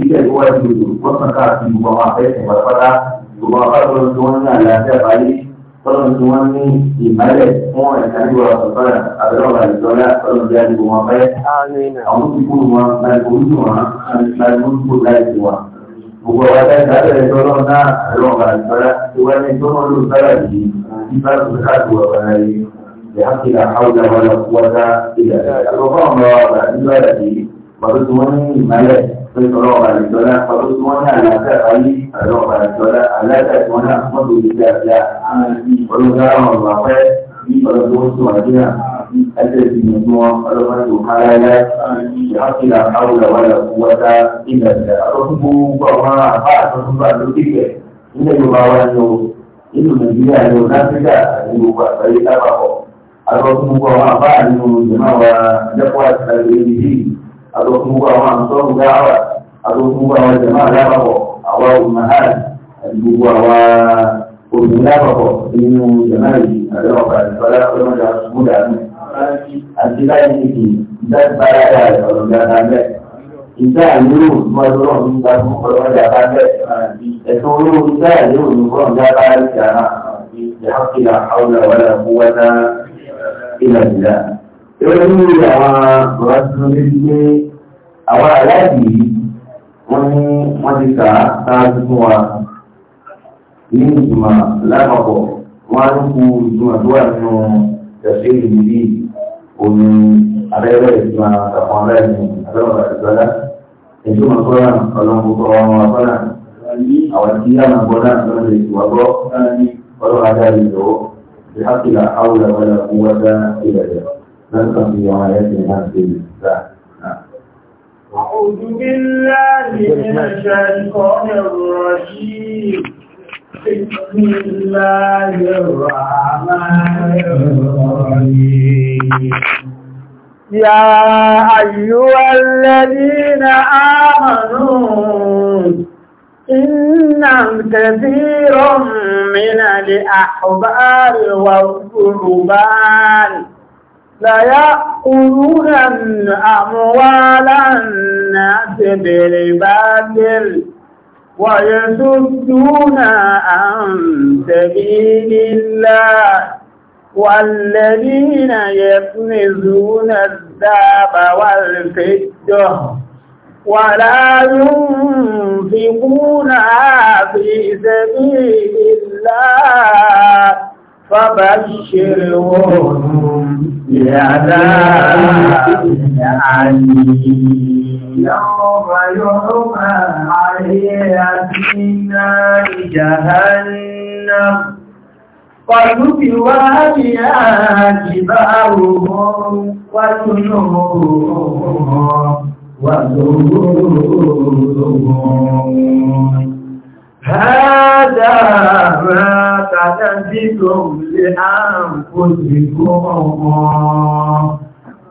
iṣẹ́ ìwádìí òdò wọ́n káàkiri gbogbo àwọn afẹ́sẹ̀ pátápátá gbogbo afẹ́sẹ̀ tí wọ́n ní àlàáfíà báyé tọ́lọ̀ tí wọ́n ní ìmọ̀lẹ̀ fún ẹ̀ka ìwà ọ̀sọ̀tọ́lá àbẹ̀rọ̀wà ìjọba tọ́lọ̀ bí adigun wọn fẹ́. àwọn tí kúrò wọn láì orísun wọn láì orísun láì sí wọn. gbogbo àwọn akẹ́kọ̀ọ́ abẹ́rẹ́ tọ́lọ̀ náà àbẹ̀rọ̀wà ìjọba tí wọ́n ní tọ́lọ̀ ló sára yìí nípa ìgbàlódé ọ̀rọ̀ ayé ìhàkì àhàwùdà wọn lọ wọ́ta ìgbà pẹ̀sọ̀rọ̀ ọ̀bà ìjọlá ọdún tí wọ́n ní àlàáfẹ́ ayé àjọ ọ̀bà ìjọlá aláìsẹ̀ tí wọ́n náà wọ́n tó gbèsè àbíà ọlọ́gbà ọ̀rọ̀ àpẹ́ ọlọ́gbà oṣù àdúrà ẹsẹ̀ ìgbìmọ̀ tí wọ́n ọlọ́gbà tó kára ẹlẹ́ ìhàkìlà àwùlà wàlà wọ́ta ìgbàgbà ọdún gbogbo àwọn àbá àtọ́túnbà lókè nílẹ̀ Yorùbá wa ni o Nàìjíríà àlòkùnbọ̀ àwọn àǹtọ́nù dáhàwà àlòkùnbọ̀ àwọn jẹ̀mọ́ alábàbọ̀ àwa òmùmáhàn àti gbogbo àwa obìnrin lápapọ̀ nínú jẹ̀mọ́ yìí àdéhùn àdìbọ́lá ọlọ́mọdé àtúmọ̀dà nù. àti láì nìkì ìdájúbára dà ọ̀rọ̀ dáadáa bẹ́ẹ̀. ìdá àlérò ìmọ̀lọ́rọ̀ ní ìgbà fún ọlọ́mọdé àbábẹ́ ẹ̀sùn olóró ìdá àlérò ní ọlọ́mọdé àbábẹ́ ìjàmá ìjàmá حول ولا قوة إلا بالله. ìrọ̀lẹ́ àwọn bàbá tuntun ní àwọn aláìsí yìí wọ́n ní wọ́n ti kà á sáájú fún wa ní ìgbìmọ̀ lápapọ̀ wọ́n á ń kú ìgbìmọ̀ tó wà nínú ìṣẹ̀ṣẹ̀ ìlú yìí omi abẹ́rẹ́ ìgbìmọ̀ àtàkùn aláìsí abẹ́rẹ́ àtìgbọ́lá ètò ìmọ̀sọ́lá ọlọ́mọkọ ọmọ àbọ́là àwọn tí yá máa bọ́lá lọ́dọ̀ ìwàgbọ́ ọlọ́run adarí lọ́wọ́ بحق لا حول ولا قوة إلا بالله. نسأل الله أن يجعلنا في أعوذ بالله من الشيطان الرجيم بسم الله الرحمن الرحيم يا أيها الذين آمنوا إن كثير من الأحبار والقربان ليأكلون أموال الناس بالباطل ويصدون عن سبيل الله والذين يكنزون الذهب والفضة ولا ينفقونها في سبيل الله فبشرهم بعذاب أليم يوم يحمى عليها في نار جهنم فَلُبِوَا بِهَا جِبَاهُهُمْ وَجُنُوبُهُمْ وَظُهُورُهُمْ هذا ما كنتم لأنفسكم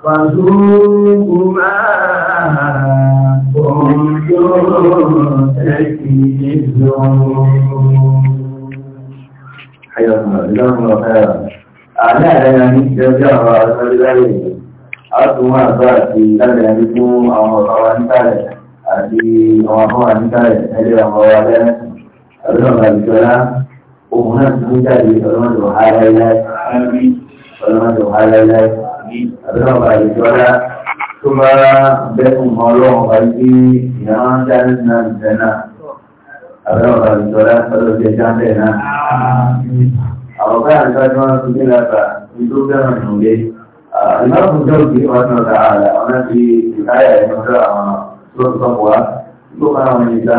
فذوقوا ما كنتم تكذبون حياكم الله خيرا أعلى لنا من شجاعة الغيب أتوا باتي لنا من أمر وأنت àti àwọn àwọn àníkàrẹ̀ ẹlẹ́ àwọn alẹ́ ọlọ́run àbíjọ́lá òun náà ti mú jáde ọlọ́run lò há láíláí ọlọ́run lò há láíláí ọlọ́run àbíjọ́lá tó bá bẹ́kùn mọ́ ọlọ́run bá gbé ìyàwó dání náà nìfẹ́ náà ọlọ́run àbíjọ́lá ọlọ́run jẹ jáde náà. àwọn bá àjọ tí wọ́n ti gbé lábà ní tó fẹ́ràn ìrùlé ìlọ́run jọ́ òkè wọn náà dáhàlà ọ̀nà ti ìkáyà ìmọ̀tọ́ àwọn tó ń sọ̀pọ̀ wá tó bá àwọn ìgbà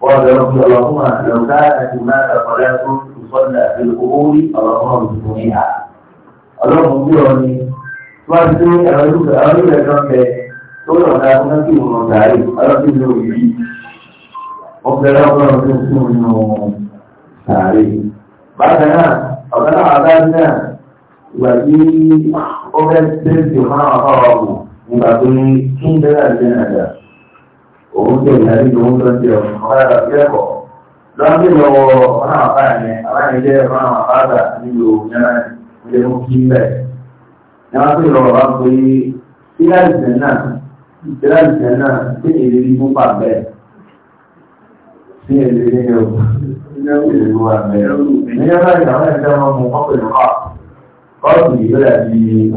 قال رب اللهم لو كانت هناك صلاة تصلى في القبور اللهم ارزقنيها اللهم اغفرني وارزقني ارجوك ارجوك ذنبك تقول انا كنت في المنزل ارجوك ذنبي وقال رب ارزقني sàárè. Bákan náà, ọ̀gá náà àgbá náà ìgbà tí ó fẹ́ tẹ́lẹ̀ tí ó máa wà fáwọn ọ̀gùn nígbà òun jẹ́ ìdarí tó ń tọ́jú ọ̀rọ̀ ọ̀rọ̀ ìrẹ́kọ̀ọ́ lọ́dí lọ́wọ́ ọ̀nà àbáyà yẹn àbáyà ọ̀nà àbáyà nílò yẹn ilé mú kí bẹ́ẹ̀. ni wọ́n pè lọ́wọ́ bá pé síláìsẹ̀ náà síláìsẹ̀ náà sí èrè ní púpà bẹ́ẹ̀ sí èrè ní ẹ̀ ní ọjọ́ ìgbàwọ́ ẹ̀jẹ̀ wọn mú kọ́pẹ̀ lọ́wọ́ kọ́ọ̀tù ìgbéyàwó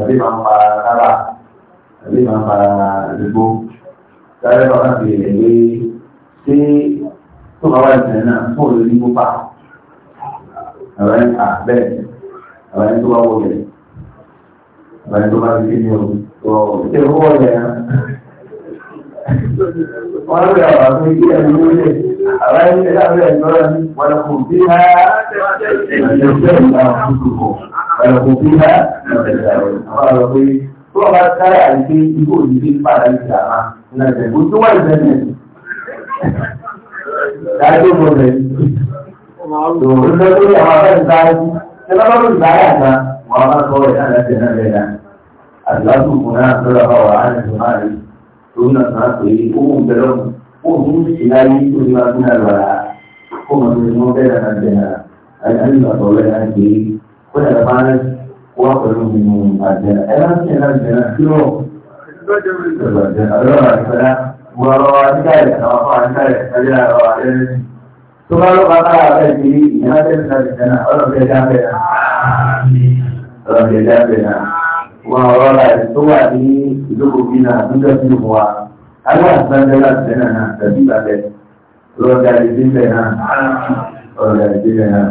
àbí màá ń pa rárá àbí màá ń pa àdúgbò sáré bàbá bèèrè pé ṣé tó bá wà ìtẹ̀ náà fún òun ní púpà àwọn ẹni àbẹ́ àwọn ẹni tó bá wọlé àwọn ẹni tó bá fi ní òun tó bá wọlé ṣé ó wọlé náà wọ́n lè àwọn àwọn ìdí ẹ̀mí lóde àwọn ẹni tẹ̀lé àwọn ẹ̀mí lọ́rọ̀ ní wọ́n kò bí ha ẹ̀jẹ̀ bẹ́ẹ̀ ní àwọn àkókò wọ́n kò bí ha ẹ̀jẹ̀ bẹ́ẹ̀ ní àwọn àkókò tó bá sáré àti ibò ìdí padà ìjà máa. Nada, mucho más de Dai ko ¿eh? que To wanda Tó bá ló bá bá àbẹ́ ìgbìrí ìyá tẹ́lẹ̀ ìjẹ́nà ọlọ́pẹ́ jábẹ̀ náà. Ọlọ́pẹ́ jábẹ̀ náà. Wọ́n ọ̀rọ̀ láti tó wà ní ìlúkòókí náà níjọ́ sí ìwọ̀n wa. Àwọn àtúnṣe láti jẹ́nà náà tẹ̀bí ìbàbẹ̀. Ọlọ́pẹ́ àdìsílẹ̀ náà. Ọlọ́pẹ́ àdìsílẹ̀ náà.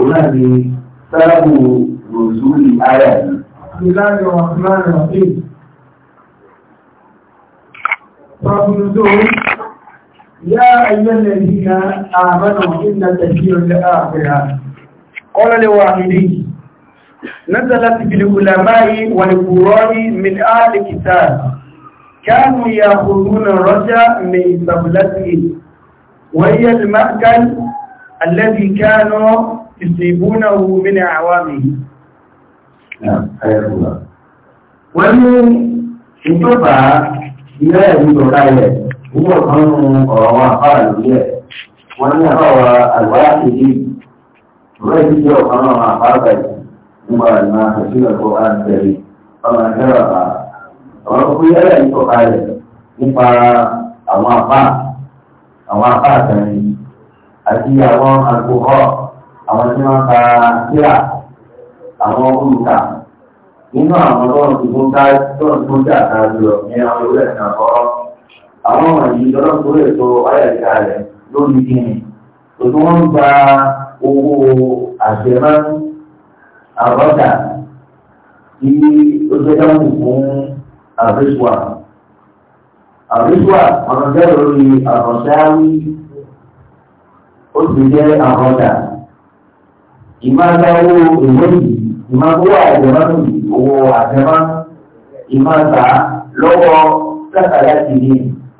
Ọ̀rọ̀ sáàbù rùsùlì ara yìí. Ìlànà ọ̀pọ̀lọpọ̀ ọ̀pẹ́ Fọ́bùnzó, yá ayyẹ́lẹ̀ nìna àmànà ìlà tàbíyàn lè ààbẹ̀rẹ̀. Kọ́lọ̀lẹ̀ wà nílé, nátàlá ti fi lùlàmáyí wà ní kúrọ́rí min áàlì kìtà, kánú ya hùrùnà rọ́já يصيبونه من أعوامه wọ́n ní ìjọba ilé ẹ̀rí lọ́ra rẹ̀ nígbà kan nínú ọ̀rọ̀ wọn àfáà lórí ẹ̀ wọ́n ní àbáwọ̀ àlùwárá kejì ìwé ìdíje ọ̀kan náà máa bá bàjẹ́ nígbà ìmọ̀ àṣìṣe ẹ̀kọ́ àǹtẹ̀rẹ̀ ọmọ ẹ̀kẹ́ bàbá àti àwọn àgbò àwọn tí wọ́n ta síra àwọn olùkà nínú àwọn ọlọ́run tó ń dá lọ́run tó ń dà ká jùlọ ní àwọn orí ẹ̀sìn àkọ́rọ́ àwọn wọ̀nyí lọ́run tó lè tó ayẹ̀dá rẹ̀ lórí gíní tòtò wọ́n ń gba owó àjẹmọ́ àrọ́dà tí ó jẹ́ dáhùn fún àríṣùà àríṣùà ọ̀nà jẹ́ lórí àrọ̀ṣáwí ó sì jẹ́ àrọ́dà ìmáàdáwó èlé yìí ìmáàdáwó àjẹmánú yìí owó àjẹmánú ìmáàdá lọ́wọ́ látàlá ti ní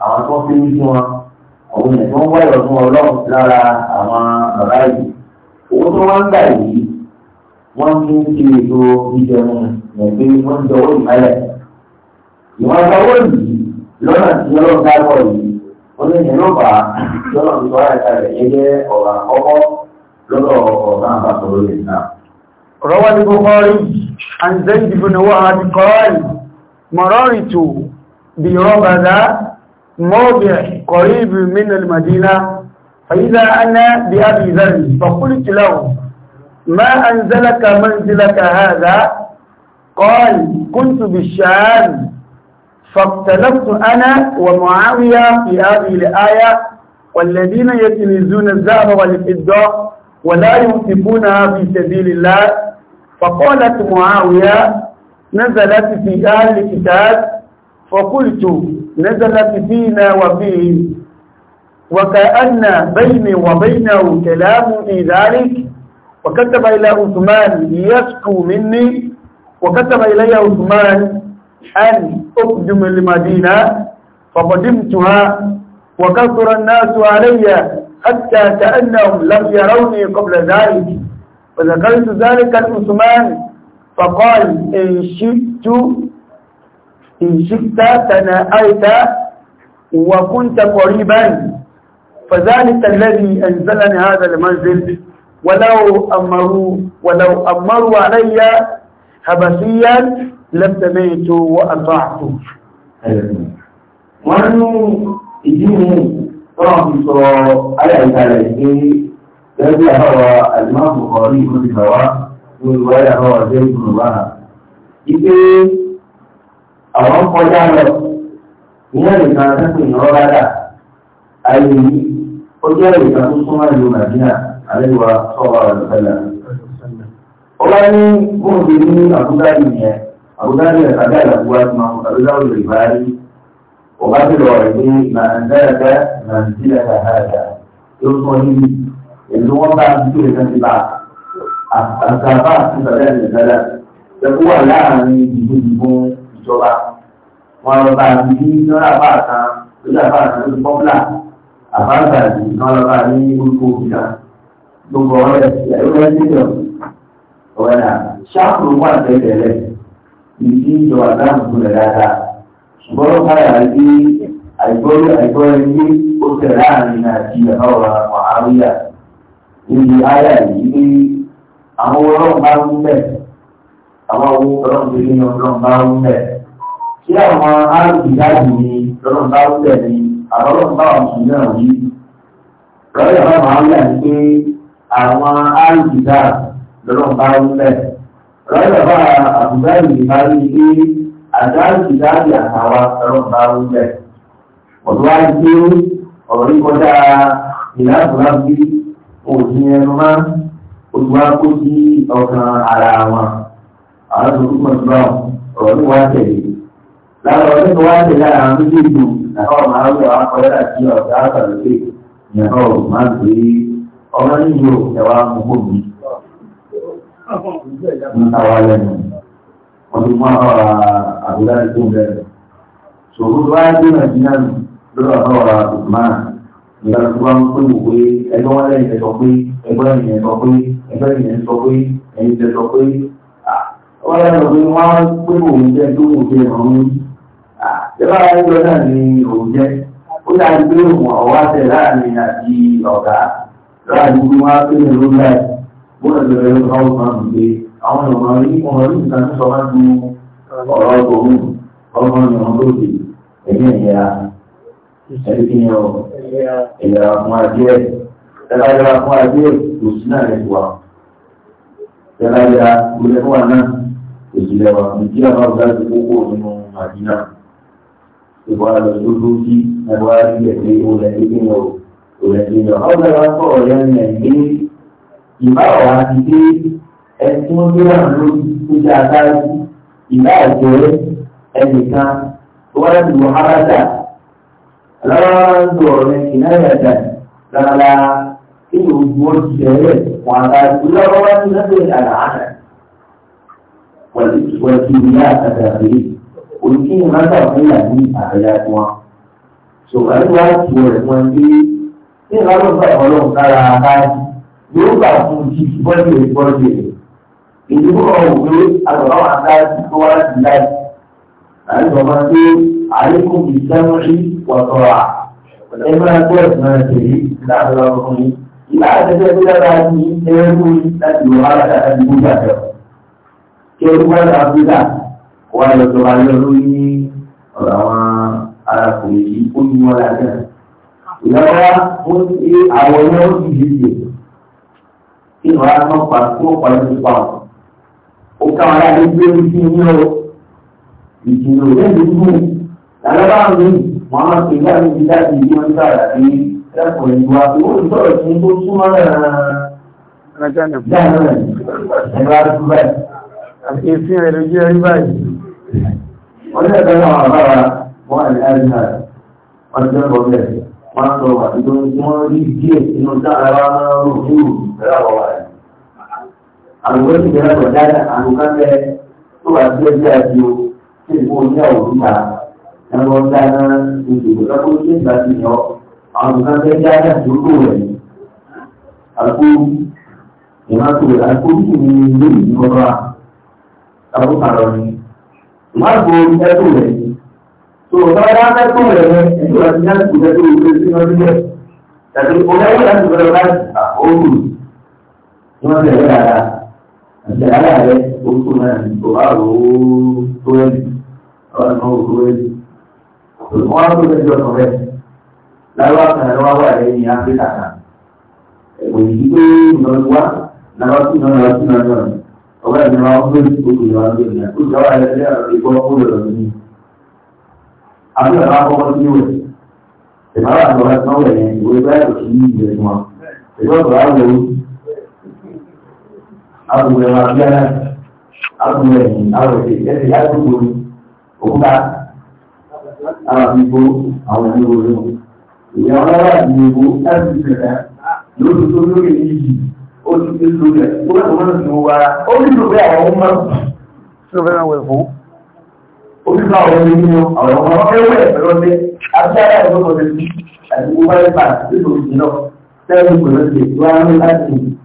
àwọn tó ń fi ní sí wọn àwọn èèyàn tó ń wá ìrọ̀tún ọlọ́run lára àwọn bàbá yìí owó tó wá ń gbà yìí wọ́n fi ń ṣe ètò ìjẹun ẹ̀gbẹ́ wọ́n ń jọwọ́ ìmọ̀lẹ̀ ìmáàdáwó yìí lọ́nà tí ọlọ́run dákọ̀ yìí olóyìn ló fà á lọ́nà tí wọ́n rà kalẹ̀ gẹ́gẹ́ ọ̀rọ̀ àkọ́kọ́ روى البخاري عن زيد بن وهب قال مررت بربذا موضع قريب من المدينة فإذا أنا بأبي ذر فقلت له ما أنزلك منزلك هذا قال كنت بالشام فاختلفت أنا ومعاوية في هذه الآية والذين يتنزون الزهر والفضة ولا ينفقونها في سبيل الله فقالت معاوية نزلت في أهل الكتاب فقلت نزلت فينا وفيه وكأن بيني وبينه كلام في ذلك وكتب إلى عثمان ليشكو مني وكتب إلي عثمان أن أقدم المدينة فقدمتها وكثر الناس علي حتى كأنهم لم يروني قبل ذلك فذكرت ذلك لعثمان فقال إن شئت إن شئت تناأيت وكنت قريبا فذلك الذي أنزلني هذا المنزل ولو أمروا ولو أمروا علي حبسيا لم سمعت وأطعت. wọ́n أيوة. ní tọ́lá ti sọ ayé àìkàlẹ̀ pé gẹ́gẹ́ àbáwá àìmáàmù ọ̀rí ìlú ti bàwá lórí wáyé àbáwá jẹ́ ìgbìmọ̀ bára. Ipe àwọn kọjá lọ ìyá nìkan sẹ́kùn ìyọ́ rárá ayé yìí ó jẹ́ ìkan tó súnmọ́ ìlú àlẹ́wà sọ́wọ́ àlùfẹ́lẹ̀. Ó ní bóun ti ní àbúdá ìyẹn àbúdá ìyẹn tàbí àlàbúwá ti máa àbúdá òyìnbá rí وبدل وعيدين ما أنزلك منزلة هذا يصوني اللي هو بعد كل سنة بعد أتابع في بدل البلد تقوى لعني بجنبون ìjọba wọn lọ bá ní lọ́la bá kan lọ́la bá kan lórí pọ́pùlà àbáńgà ní wọn lọ bá ní orúkọ òkúta gbogbo ọ̀rẹ́ ẹ̀rọ ẹ̀dẹ́gbẹ̀ ọ̀rẹ́ náà ṣáàpù wà tẹ́tẹ̀lẹ̀ ìdí ìjọba dáhùn ṣùgbọ́n káyà rí àìgbọ́rí àìgbọ́rí ní ó tẹ̀ láàrin àti àbáwà wàhálà níbi ayà yìí ní àwọn ọlọ́run bá ń bẹ̀ àwọn owó ọlọ́run tó ní ọlọ́run bá ń bẹ̀ kí àwọn arúgbìdájì ni ọlọ́run bá ń bẹ̀ ni àwọn ọlọ́run bá wọn sùn náà yìí lọ́yọ̀ bá wàhálà ní pé àwọn ń bẹ̀ àdáyé ìdáyé àtàwà ọlọ́pàá oúnjẹ ọ̀dọ́ wáyé pé ọ̀rọ̀ yìí kọjá ìlàbùlà bí òògùn ẹnu máa oṣù wa kó sí ọkàn ara wọn àwọn tó túmọ̀ sí náà ọ̀rọ̀ ní wá tẹ̀lé lára ọ̀rọ̀ ní wá tẹ̀lé ara wọn méjèèjì nàkọ́ ọ̀mà àwọn àwọn akọ̀yẹ́ àti ọ̀gá àgbàlódé nàkọ́ ọ̀mà gbé ọmọ níyì ẹ̀wà mọ́kò mi. Ní wọ́n ti mú àwọn àbúrá bẹ̀rẹ̀. ṣòro tó wáyé tó náà jìnnà lọ́dọ̀ àbáwọ̀ àbùmá tó wá ń pè wò pé ẹgbẹ́ wọn lẹ́yìn sọ pé ẹgbẹ́ ìyẹn sọ pé ẹgbẹ́ ìyẹn sọ pé ẹ̀yìn tẹ pé wọ́n yà sọ pé wọ́n á pé òun jẹ́ tó wò jẹ́ ọ̀run. ìjọba ayélujára náà ni òun jẹ́ ó dàbí pé òun ọ̀wá tẹ̀ láàrin àti ọ̀gá láàrin gbogbo wọn á pè ní lóńgbà yìí àwọn ọmọ rí ọmọ rí nǹkan tó sọ wá ju ọ̀rọ̀ ọgọ́rùn ọmọ ìran tó di ẹ̀mí ìlera ẹ̀rí kí ni ọ ìlera fún ajé ẹ̀lá ìlera fún ajé kò sí náà lẹ́tù wa ẹ̀lá ìlera gbọ́dọ̀ wà náà èsì lẹ́wà nàìjíríà máa ń gbájú kókó nínú àdínà ìbọn àlọ́ tó tó sí ẹ̀wá ilẹ̀ pé ó lẹ́ ẹni tí wọ́n gbé wà lórí tó jẹ́ agbára ìlà àjẹ́ ẹnìkan tó wá láti wọ alájà aláwọ̀ ọ̀rẹ́ ìnáyà àjà rárá kí ló ń wọ́n jẹ́rẹ̀ wọn aláàjò lọ́wọ́ wá sí lọ́sẹ̀ àlàáfà wọ̀lẹ̀kì ìyá àtàkì òkè ìrántà fúnlà ní àbẹ̀yà wọn. sọ̀rọ̀ wá sí ọ̀rẹ́ wọn gbé ní ìrànlọ́gbà ọlọ́run kára aláàjò yóò gbà fún jíjí bọ́ọ̀dì rẹ̀ bọ́ọ̀dì rẹ̀ èyí kúrò òwe àgbàbá wà láti tó wá láti láì láti bàbá pé àríkù kì í sẹ́nu rí wọ̀tọ̀rà ẹ máa tó ẹ̀sìn náà tẹ̀lé láàbẹ̀ lọ fún mi ìlà àtẹ̀tẹ̀ tó dára ní ẹrú láti wà láti àti gbogbo àjọ kí ẹrú wà láti Áfíríkà wà lọ sọ ó ká wọn gbé orí sí inú o ìjìnlẹ̀ òde ló mú lálọ́bà mi wọ́n á pè láti fi láti ìdí wọn nípa àlàyé lẹ́kọ̀ọ́ ìlú àti ó ń sọ̀rọ̀ sí tó súnmọ́ náà bá wa wọ́n sọ àti tó tí wọ́n rí díẹ̀ nínú sáà rárá rárá fún ìrù àwùjọ ti bẹ̀rẹ̀ pẹ̀lú dáadáa tó wà sí ẹgbẹ́ àti o tí ìfún oní àwọn òkúta ẹgbẹ́ náà ní ìdìbò lọ́kọ́ tí ìgbà ti yọ àwọn kan bẹ dáadáa tó kò rẹ̀ àkó ìmáàkó àkó kí ni ilé ìlú kọ́kọ́ àkó kàrọ̀ ni ìmáàkó ẹ̀kọ́ rẹ̀ tó bá dá ẹ̀kọ́ rẹ̀ ẹ̀kọ́ àti láti ìgbẹ́kọ̀ ìgbẹ́sí ọdún rẹ̀ tàbí ọ̀gá àti ara rẹ̀ orúkọ náà ní kò wá rò ó tó ẹ̀dì ọ̀rọ̀ náà ó tó ẹ̀dì. wọ́n á tó lẹ́jọ́ kan rẹ̀ lárúbá kan rẹ̀ wá wà rẹ̀ ní áfíríkà kan ẹ̀wọ̀n yìí pé ìnáwó wá náà tún náà náà tún náà náà ọ̀gá ìnáwó wọn gbé oṣù náà gbé ìyá oṣù àwọn ẹ̀rẹ́ ní àbúrò ẹ̀rọ abíyá náà àbúrò ẹ̀yìn àwòrán ẹ̀sẹ̀ yá gbogbo ni òkúta àwọn àbígbó àwọn ẹ̀mí olóró ìyá ọlọ́wà ìgbìmọ̀ láti ìgbẹ̀dá lórí tó lórí yìí ó ti gbé lórí ẹ̀ tó bẹ́ẹ̀ tó mọ́ wa ó ní lò bẹ́ àwọn ọmọ tí ó fẹ́ náà wẹ̀ fún ó ní lọ àwọn ẹni nínú àwọn ọmọ ẹwẹ́ ẹ̀fẹ́ lọ́dẹ́ abíyára ẹ̀fọ́ lọ́dẹ́ sí àti gbogbo ẹ̀fà nítorí ìdílọ́ tẹ́lẹ̀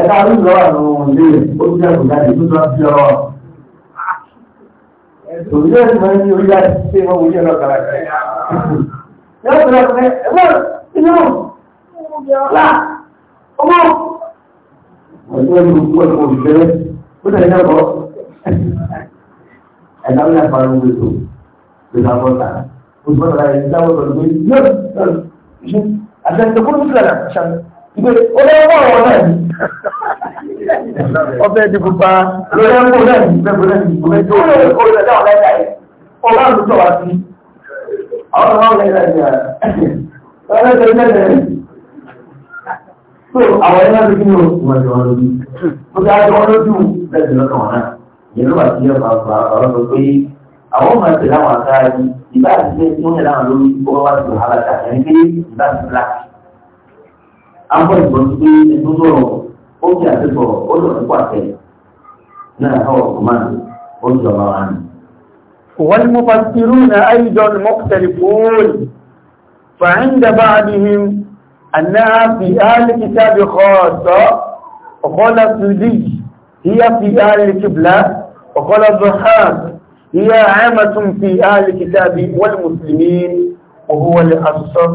ẹ̀ka rí lọ́wọ́ àwọn ohun ilé ó jẹ́ ìgbàdì tó lọ sí ọ. Òbí yóò ti máa ń ní orí láti ṣe mọ́ wòye lọ kàrà kàrà. Yóò ti lọ sí ẹgbẹ́ inú ọ̀la ọmọ. Ọjọ́ ìlú kú ẹ̀kọ́ òṣìṣẹ́ ó tẹ̀lé náà bọ̀. Ẹ̀ka rí láti parí ohun ètò ìgbà bọ́ta. Olùbọ́dọ̀ láyé ní sáwọ́ sọ̀rọ̀ pé yóò ṣe àtẹ̀sẹ̀kọ́ ló ti lẹ̀ ọbẹ̀ di pupa. lọ́yẹ̀ ń kó lẹ́yìn ìgbẹ́gbẹ́ lẹ́yìn ìgbẹ́gbẹ́ ó lè kó lẹ́yìn àwọn ẹ̀ka yìí ó bá lù sọ̀rọ̀ sí àwọn ọmọ ọ̀rẹ́ rẹ̀ yà lọ́yẹ̀ tó lẹ́yìn rẹ̀ so àwọn ẹ̀ka tó kí ni o wọ́n ti wọ́n lójú ó ti àjọ wọn lójú lẹ́sìn lọ́kàn wọn náà yẹn ló wà sí ẹ̀ máa gba ọ̀rọ̀ tó pé àwọn ọmọ ẹ̀sẹ̀ láwọn akáyà yìí ìbá àti ṣe tí wọ́n yẹ láwọn lórí ó wá sí wàhálà abọ́ ìgbọ́n pé ẹnu sọ̀rọ̀ ó fi àtẹ́sọ̀ ó lọ sí pàtẹ́ náà káwọ̀ kò máa ó jọ ọmọ wa ni. والمفسرون أيضا مختلفون فعند بعضهم أنها في أهل الكتاب خاصة وقال السدي هي في أهل الكبلة وقال الضحاك هي عامة في أهل الكتاب والمسلمين وهو الأصف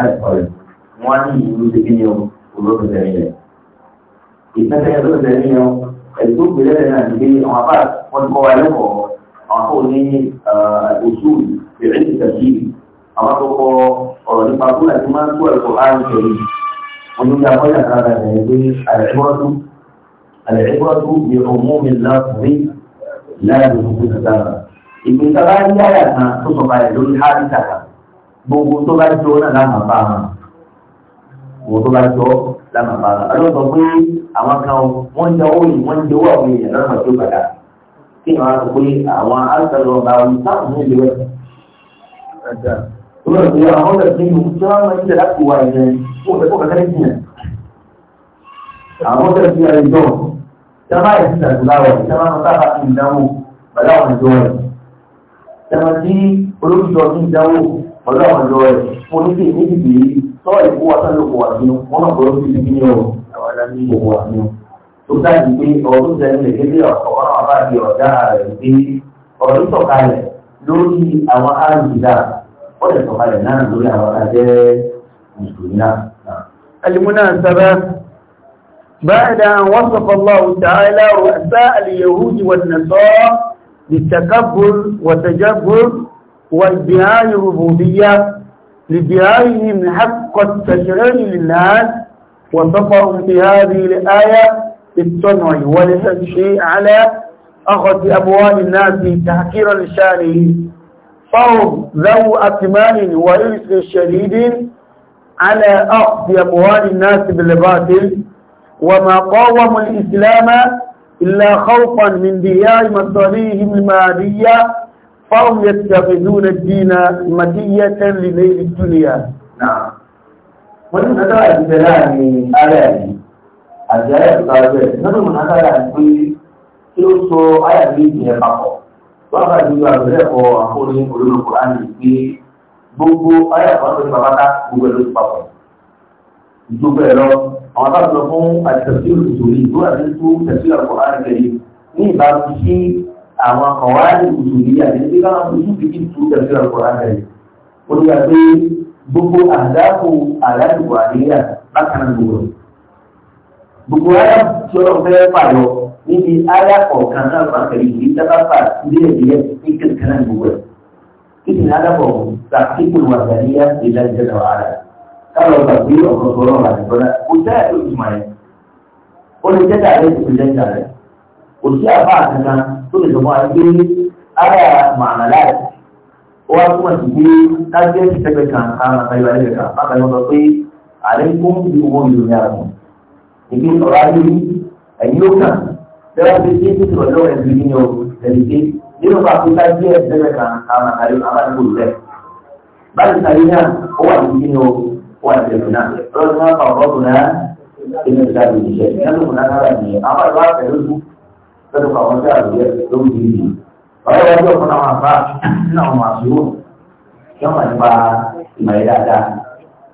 alcohol wọ́n ní ìlú ti kíni o olóòtú tẹ̀lé rẹ̀. ìfẹ́fẹ́ olóòtú tẹ̀lé rẹ̀ ẹ̀sùn tó gbélé rẹ̀ náà nígbé àwọn abá wọn kọ́ wa lẹ́kọ̀ọ́ àwọn kò ní oṣù bẹ̀rẹ̀ ti tẹ̀sí àwọn akọ́kọ́ ọ̀rọ̀ nípa kó láti máa ń tó ẹ̀kọ́ àrùn tẹ̀lé wọn ló ń dáa kọ́jà kan rẹ̀ pé àlẹ́kọ́tù àlẹ́kọ́tù ni ọmọ mi láàfin láàrin òkú tàbí ìgbésàbá yára kan tó sọ̀kalẹ̀ lórí hábítà kan gbogbo tó bá jọ náà lámà bá wọn gbogbo tó bá jọ lámà bá wọn alóòtọ́ pé àwọn kan wọ́n jẹ owó yìí wọ́n jẹ owó àwọn èèyàn lọ́nà tó padà kí ni wọ́n sọ pé àwọn alùpàdé bá wọn táwọn ní ìlú rẹ̀. Ìwé ìwé àwọn ọ̀rẹ́ mi yòókù tí wọ́n máa ń jẹ láti wà ìyẹn kó o fẹ́ kó kankan ní àwọn ọ̀rẹ́ mi yàrá ìjọ sábà ìsìn àtúláwọ̀ sábà máa sábà ti ìdánwò pẹ̀lú àwọn ìjọ ti ìdánwò ọlọ́run lọ rẹ̀ oníṣẹ́ méjìdì yìí tọ́ ìkó wa sáré òkò wà nínú wọn náà kọ́ sí ní ọ̀rọ̀ àwọn ẹlẹ́ni òkò wà nínú. tó dájú pé ọdún sẹ́yìn lè délé ọ̀pọ̀ náà bá di ọ̀dá rẹ̀ pé ọ̀rọ̀ sọ̀kalẹ̀ lórí àwọn àrùndà ó lè sọ̀kalẹ̀ náà lórí àwọn ajẹ́ mùsùlùmí náà. المناسبة بعد أن وصف الله تعالى رؤساء اليهود والنصارى بالتكبر وتجبر والبهاي الربوبية لبهايهم حق التشريع للناس وصفهم هذه الآية بالصنع والتشريع على أخذ أموال الناس تحكيرا لشانه فهم ذو أكمال وإرث شديد على أخذ أموال الناس بالباطل وما قاوموا الإسلام إلا خوفا من دياء مصالحهم المادية fáwọn yẹtẹ̀fẹ̀ lúnà dínà màdíyàtẹ̀ lílé ìdúnìyà náà wọ́n ní mọ̀tàlá ìgbẹ̀ láàrin ara ẹ̀mí àti ayé ìgbàgbẹ̀ lọ́dún mọ̀tàlá pé kí ó so ayà ní ìjìnlẹ̀ papọ̀ wọ́n bá ju àgbẹ̀rẹ̀ kọ àkórí olólùkọ́ àmì pé gbogbo ayà ìgbàgbẹ̀ pàpàtà gbogbo ẹ̀lú papọ̀ ìjọba ẹ̀rọ àwọn bá sọ fún àtẹ̀síwò ìṣòrí ìgbó àti tó tẹ̀síwò àkọ́ àrẹ̀kẹ̀rẹ̀ ní ìbámu sí àwọn kọ̀wáàrí ìṣòrí àti láwọn ìṣòrí kí tún tẹ̀sí ọkọ̀ rẹ̀. ó ní àgbé gbogbo àdáàkù àdáàkù àríyà bákanáà gbogbo. gbogbo ayá tí ó fẹ́ pààyọ níbi ayá kọ̀ọ̀kan náà máa tẹ̀lé ìlú dábàbà sílé ìdílé ní kẹ̀kẹ́ náà gbogbo. kí ni adábọ̀ sàkíkù wàdàníyà ìlà ìjẹ́nà wàhálà. káwọn gbàgbé ọ̀kan tó rọrùn àdìgbọ́lá kò jẹ́ àìsàn ìtumọ̀ yẹn. ó lè tó lè jọmọ́ àti ara màmàlá rẹ̀ ó wá túmọ̀ sí pé tágẹ́tì tẹ́gbẹ̀ kan kan àtàyọ̀ ayẹyẹ kan bákan ló sọ pé àlẹ́ fún bí owó ìlú ní ara wọn ìgbé ọ̀rọ̀ ayé rí ẹ̀yìn ló kàn bẹ́ẹ̀ bí kí ní ìrọ̀lẹ́ ọ̀rẹ́ ìlú ní o tẹ̀lé pé nínú bá tó tágẹ́tì tẹ́gbẹ̀ kan kan àtàyọ̀ amáyẹ̀kọ̀ rẹ̀ báyìí sáré náà ó wà ní kí ní ó wà ní ìrọ̀lẹ́ náà lọ́dún lọ́dọ̀ pa àwọn tí a lè ló ń bí i. Ọ̀rẹ́ wa jẹ́ ọ̀kan àwọn àbá nínú àwọn màṣíwò yóò máa nípa ìmọ̀ yìí dáadáa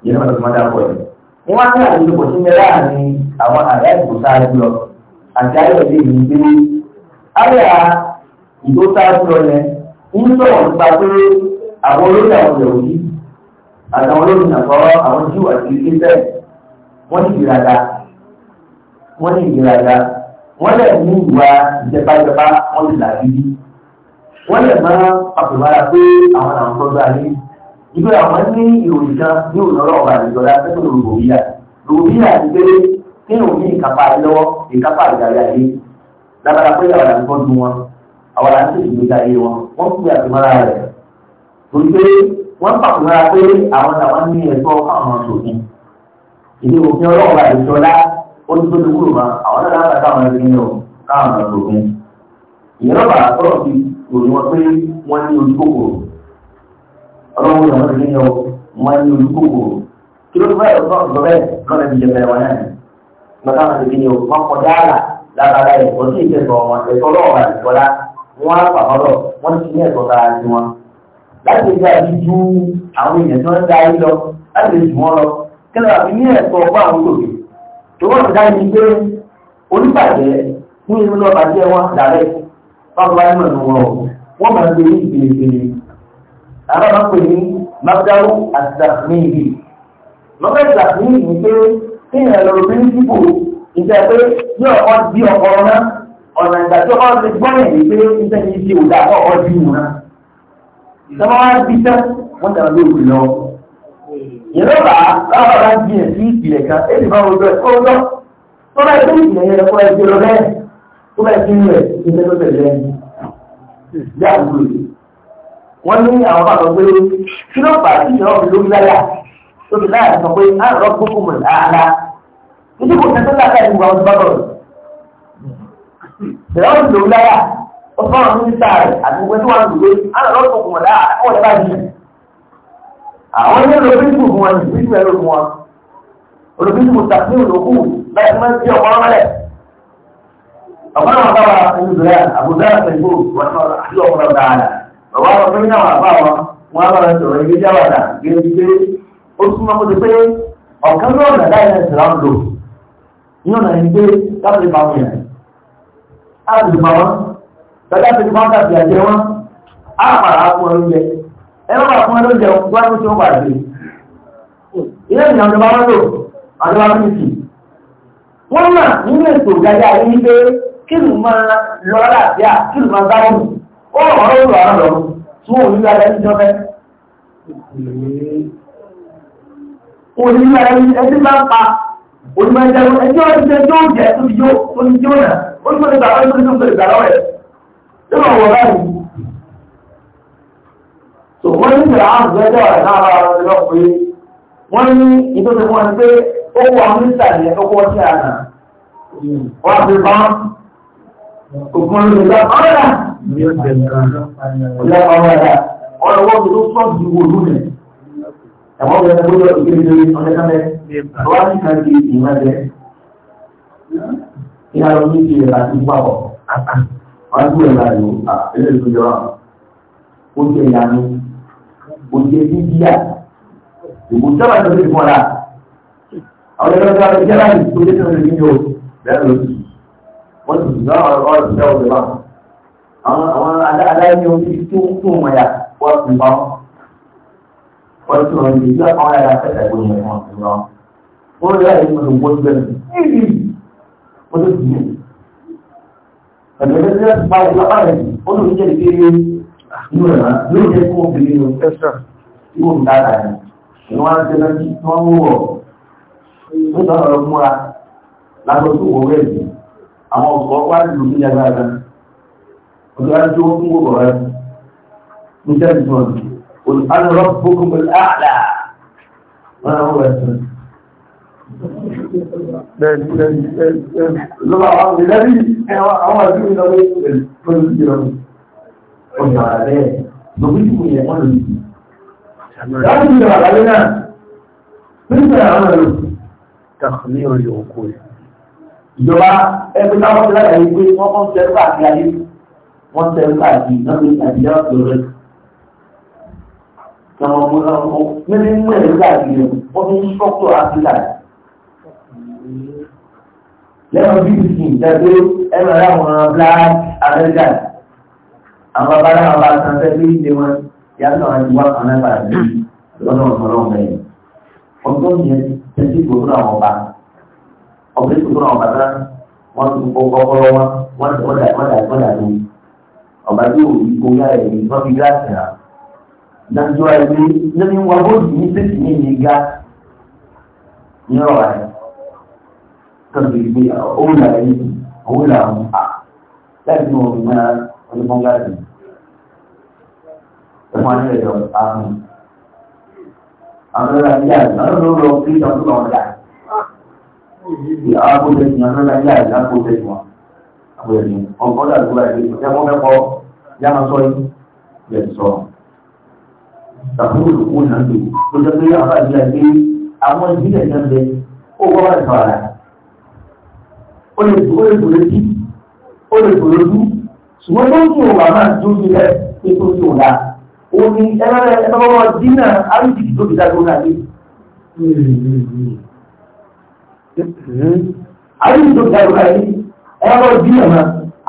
yìí lọ́dọ̀ tó máa dá pọ̀ yìí. Wọ́n wá ní àlejò tí ń bẹ láàrin àwọn àdá ìbò sáájú lọ àti ayọ̀ ilé ìlú pé ayà ìbò sáájú lọ yẹn ń sọ̀rọ̀ nípa pé àwọn olóyè àwọn ìyẹ̀wò yìí àtàwọn olóyè nàkọ́ àwọn jíwà sí ilé bẹ́ẹ̀ wọ́n ní ìgbéraga wọ́n ní ìgbéraga wọ́n lè ní ìwà ìjẹbájẹbá wọ́n lè làbí wọ́n lè máa pàpèmára pé àwọn àwọn tó gbá yé ìgbé àwọn ní ìròyìn kan ní òlọ́rọ̀ ọ̀gá ìjọba tẹ́kùn rògbòmíyà rògbòmíyà ti pé kí òun ní ìkápá lọ́wọ́ ìkápá ìdáyà yé lábára pé àwọn àti tọ́jú wọn àwọn àti ìgbéga yé wọn wọ́n fi àpèmára rẹ̀ torí pé wọ́n pàpèmára pé àwọn làwọn ní ẹ̀tọ́ káwọn sòfin ìdí òfin ọlọ́ọ̀gá ìjọba ó ti tóbi kúrò máa àwọn náà láti káwọn ẹgbẹ́ yẹn o káwọn náà lò fún. ìyẹn náà bàa tọrọ sí òní wọn pé wọn ní ojú kòkòrò ọlọ́run yàrá ẹgbẹ́ yẹn o wọn ní ojú kòkòrò kí ló fẹ́ ọ̀sán ọ̀sán bẹ́ẹ̀ lọ́nà ìjẹ bẹ̀rẹ̀ wọn náà lọ́nà àwọn ẹgbẹ́ yẹn o wọn kọjá àlà lábàlá ẹ̀kọ́ sí ìjẹ̀sọ̀ wọn ẹ̀kọ́ lọ́wọ́ àdìgbọ́lá wọn á pàmọ́lọ̀ wọn ti ní ẹ̀kọ́ tara wọn láti gba ìjú àwọn èèyàn tó ń darí lọ láti lè jù lọ kí lóò ìwọ́n ti dáyé ni pé oníbàjẹ́ ní inú lọ bàjẹ́ wọn dàrẹ́ báwo wáyé mọ̀ nù wọn o wọ́n máa ń gbé ní ìgbèrègbèrè àwọn máa ń pè ní magdalu àtàmìlì magdalu àtàmìlì ni pé kí ni ẹ̀rọ bí nípò ìjà pé bí ọkọ bí ọkọ náà ọ̀nà ìgbà tí ọkọ ti gbọ́ pé iṣẹ́ yìí ìrọ́bà lábàrá jìnà sí ìpìlẹ̀ kan èdè bá wọ́n bẹ̀rẹ̀ kọ́ tó bá ẹgbẹ́ ìpìlẹ̀ yẹn lọ́kọ́ ẹgbẹ́ lọ tó bá ẹgbẹ́ rẹ̀ tó bẹ̀rẹ̀ lẹ́yìn wọ́n ní àwọn àwọn ilé olóbíkù fún wọn ìbíkù ẹ̀rọ fún wọn olóbíkù tàbí olókù ẹ má bàa fún ẹ lóúnjẹ òkú wá ní oṣù ọgbà àti ilé ìjọba ọjọba wọn lò àjọba fíìsì wọn mà nínú ètò ìdájọ́ ayé ní pé kí ló máa lọ láàbíà kí ló máa dáwọ́ nù ó rọ̀ ọ́ lọ́wọ́ àwọn lọ́wọ́ tí wọn ò ní lọ́wọ́ ẹni jọ́fẹ́. òní lọ́wọ́ ẹni ẹni bá ń pa òní máa jẹun ẹjọ́ ẹjọ́ yóò jẹ tó ti yó tó ti yó náà ó ní kó lè gbà ó ní kó lè gbà lọ́wọ́ so wọ́n ní ìrà àgbẹ́jọ́ rẹ̀ náà rẹ̀ lọ pé wọ́n ní ìtọ́jú wọn pé ó wọ àwọn ìsàlẹ̀ ọkọ̀ sí àná wọ́n fi bá ògùn lè lọ ọ̀rẹ́dà lọ́pàá ọ̀rẹ́ tó sọ́ ju olú rẹ̀ ẹ̀wọ́n bẹ̀rẹ̀ tó lọ ìgbéléwé ọ̀rẹ́kálẹ̀ wọ́n òjì bíbíà ìbùsọ̀rọ̀ tó ti fọ́ra àwọn ẹgbẹ́ tó ti jẹ́rà ní ìgbésẹ̀ tó ti yíyọ bẹ́ẹ̀ ló ti wọ́n ti sùn náà ọ̀rọ̀ ti dá òde náà àwọn àwọn aláìní omi tó tó wọn yà wọ́n ti mọ́ wọ́n ti wọn yìí yóò àwọn yàrá fẹ́ẹ̀ gbé wọn wọn ti wọn wọ́n yà yìí wọn wọ́n gbé mi wọ́n ti sùn yìí ẹ̀dọ̀ ẹ̀dọ̀ ẹ̀dọ̀ ti pa ìlú apá rẹ̀ ó lóun yóò rán yóò jẹ́ kó obìnrin ló tẹ́sà tí kò ń dára rẹ̀ ni wọ́n á jẹ́ lọ́jí tí wọ́n ń wọ̀ ó sọ̀rọ̀ lọ múra lábọ́ tó wọ́ rẹ̀ yìí àwọn ọ̀pọ̀ wá lù ní agbára ọjọ́ á jó ń wọ̀ rẹ̀ ní sẹ́yìn tó ọ̀dù olùpàdánù gbogbo pẹ̀lú àdá wọn àwọn ọ̀rẹ́ sọ ọ̀nà rẹ̀ lórí ìwé yẹn wọ́n lòdì. Láti ìjọ àlàyé náà, pínpín àwọn ọ̀rọ̀ tàkùnmí orí òkú rẹ̀. Ìjọba ẹgbẹ́ táwọn ti láyà wípé wọ́n kọ́ ń tẹ́lú àti ayé, wọ́n tẹ́lú àti ìnáwó àti ìyá ọ̀dọ́ rẹ̀. Àwọn ọmọ ọmọ mẹ́rin mú ẹ̀rí láti rẹ̀, wọ́n fi ń sọ́kọ̀ àti láti. Lẹ́nu BBC, ìjẹ́gbé ẹ̀rọ àwọn black American àwọn abára àwọn àtàntẹ́ bí ilé wọn yàtọ̀ àti wá kan náà bàbí lọ́nà ọ̀tọ̀lọ́ mẹ́rin ọdún yẹn tẹ́tí gbogbo àwọn ọba ọ̀gbẹ́ gbogbo àwọn ọba náà wọ́n ti kó kọ́kọ́rọ́ wọn wọ́n ti wọ́dà wọ́dà wọ́dà ní ọba yóò rí kó yá ẹ̀ ní wọ́n fi gíláàsì rà dájú ẹ̀ pé lẹ́ni wọn bó dì í pèsè ní ìlú ga ní ọ̀rọ̀ rẹ̀ tọ́jú ìgbé owó làwọn owó làwọn à láti mọ̀ ọ̀gbìn náà ọdún mọ́gàdì fún wa ní ẹ̀dọ̀ ààrùn àmọ́lá yíyá àwọn olóró kí ìtọ́jú lọ dà bí àbúlé ní àmọ́lá yíyá àbúlé ní wọn àbúlé ní ọgbọ́n àdúrà yìí kò tẹ́wọ́ mẹ́kọ́ yá máa sọ yìí lè sọ tàbúrò lòkú náà lè tó jẹ́ pé àwọn àdúrà yìí àwọn ìbílẹ̀ náà lè ó wọ́n wà sọ àrà ó lè tó lè tó lè ó lè tó lè ṣùgbọ́n tó ń tún òwà máa òní ẹlọ́wọ́ dínà àríjìkì tó fìdá gbọ́nà lé àríjìkì tó fìdá gbọ́nà lé ẹlọ́wọ́ dínà ma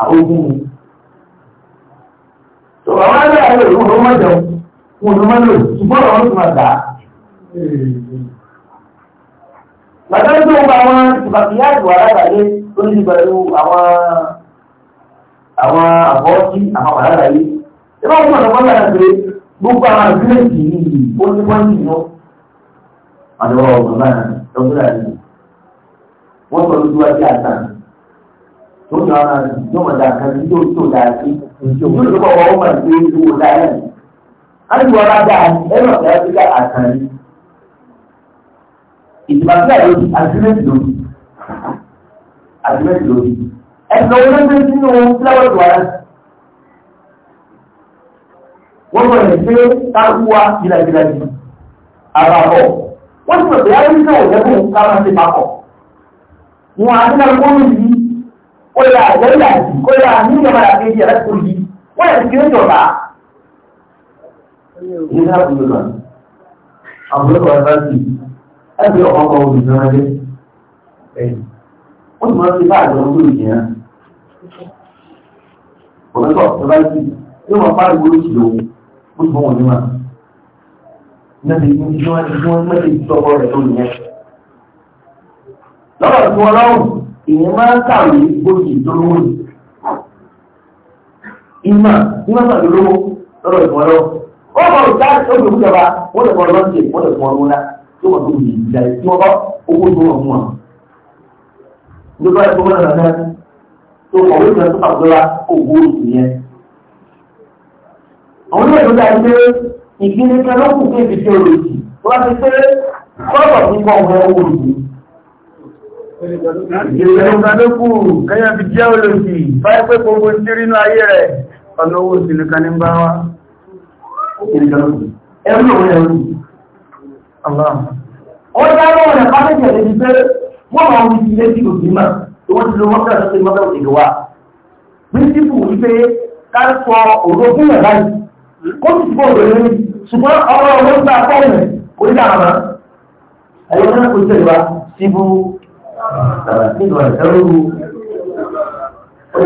àwọ̀gùn mi tó àwọn ará ẹ̀rọ ìwọ̀n ló mọ́jọ wọn ló mọ́lò ṣùgbọ́n àwọn tó máa dà á bàtà tó ń bá àwọn ìbàkìyà àdùwà látàlé tó ní ìbẹ̀rù àwọn àwọn àbọ̀ọ́sí àwọn àlàyé ìbáwọn ọmọ ọmọ náà ń pè é gbogbo àwọn àgbélẹ̀kì yìí ó ní wọ́n ní ìná àdọ́wọ́ ọ̀gbọ̀n náà lọ́gbọ́dà yìí wọ́n sọ lójú wájú àtà tó ní àwọn àjọmọ̀dà kan tí yóò tó dáa sí yóò tó kọ́ ọmọ ìgbé owó dáa yìí àti wọn bá dáa ẹ̀rọ ọ̀gá ti dá àtà yìí ìdìbàtà lórí àgbélẹ̀kì lórí àgbélẹ̀kì lórí ẹ̀sìn ọ̀wọ́n ló ń fúláwọ̀ tó wà wọ́n mọ̀ ní pé táwùwá ìlàjìlà jù àbàbọ̀ wọ́n ti pẹ̀lú áfíríkà ò lẹ́kùn káwọn ti papọ̀ wọn á nígbà kó ní yìí ó yà lẹ́yìn àti ó yà ní ìjọba àti èdè yìí wọ́n yà ti kéré jọba. Ilé náà yóò máa pariwo lóṣù lóhun ó bọ̀ wọ́n ní wa níbi tí wọ́n ti wọ́n mẹ́lẹ̀ ìtọ́kọ rẹ̀ lónìí yẹn. lọ́wọ́ tí wọ́n lọ́wọ́ èèyàn máa ń kàwé gbòòjì tó lówó yìí. ìmọ̀ ìmọ̀ tàbí lówó lọ́wọ́ tí wọ́n lọ́wọ́. ó bọ̀ ìta oṣù ìjọba wọ́n lè kọ́ lọ́sì wọ́n lè fún ọdún ńlá tí wọ́n tó yìí ìjà tí wọ́n bá owó tó wọ̀ fún wọn. nígbà tó wọ́n lọ́nà tó kọ̀wé kan tó àgbẹ̀wá owó ìyẹn àwọn ilé ìlú dájú pé ìgbìmí kan ló kù fún ìdíje olùdí tó bá ti pé kọ́ọ̀bọ̀ ní kọ́ ọmọ olùdí. ìgbìmí kan ló kù kẹ́yà fi jẹ́ olùdí báyẹ̀ pé gbogbo ń tí rínú ayé rẹ̀ ọ̀nà owó sì nìkan ní bá wá. ẹ̀rù lòun ẹ̀rù. ó dá lọ́wọ́ rẹ̀ pàtẹ́kì ẹ̀rẹ́ ti pé wọ́n máa wí sí létí òbí mà tí wọ́n ti lo mọ́kànlá tó ti mọ́kànlá òdìgbò wa. píríncípù wípé ká sọ òrógún yàrá yìí kó sì bò rẹ̀ ní ṣùgbọ́n ọ̀rọ̀ ọ̀rọ̀ ń gbà fọ́ọ̀mù kò ní dàmà ẹ̀yọ́ náà kò tẹ̀lé wa síbú nínú ẹ̀rọ ó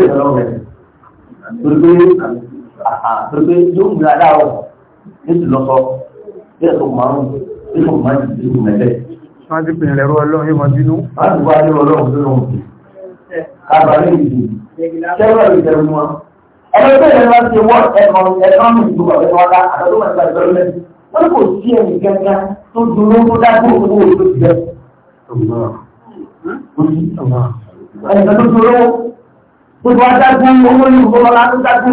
lè lọ́wọ́ rẹ̀ torípé torípé yóò mú adáwọ̀ yóò sì lọ́kọ́ yóò tó márùn yóò tó márùn yóò tó mẹ́lẹ̀. wọ́n ẹgbẹ́ tó yẹn bá ṣe wọ́n ẹ̀rọ ẹ̀rọ́mì ìlú ọ̀rẹ́ wọn dá àtọ́jú wọn ìgbàgbọ́ lẹ́nu wọn kò sí ẹnì gẹ́gẹ́ tó dúró tó dágbó owó tó ti bẹ́ẹ̀. ẹnìkan tó dúró tó bá dágbó owó ní ìfowópamọ́ náà tó dágbó.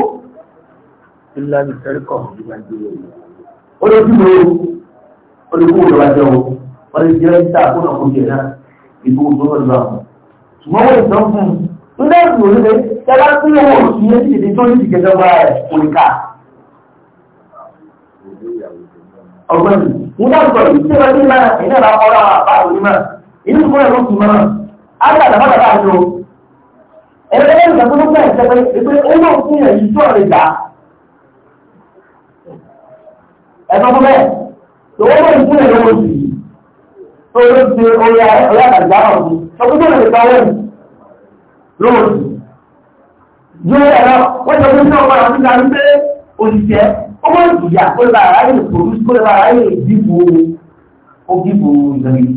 ilé ayé fẹ́rẹ́ kọ̀ olójúmọ̀ olùkúwò lọ́wọ́ jẹ́ o wọ́n lè jẹ́ ìta àkónà kò jẹ̀ náà ìgbó gbọ́dọ̀ lọ́wọ́ ilé ìgbò nílé tẹ́lá tí owó òsì yé ìdí tó ní ìgẹ̀dọ́gba rẹ̀ òǹkà ọ̀gbẹ́ni nígbà tó yìí tí wọ́n ní máa ìní àbá ọ̀rọ̀ àbá òní máa ìní fún ẹ̀rọ kì máa ágbà àbá bàbá àjọ ẹgbẹ́ ìgbà tó lọ́pọ̀ ìṣẹ́gbẹ́ ìgbẹ́ owó òsì yẹn yìí tó ọ̀rẹ́ gbà ẹ̀sọ́ fún bẹ́ẹ̀ tó owó òsì yẹn lọ́wọ́ sí i tó ló ti orí àgbàgbà ọ̀hún sọ lóòrùn yóò ẹ̀rọ wọ́n jọ fún ọmọ àwọn ìgbà wípé òṣìṣẹ́ ó mọ̀ ìjìyà kó lè ara yìí pòrú kó lè ara yìí dìbò ó dìbò ìrìn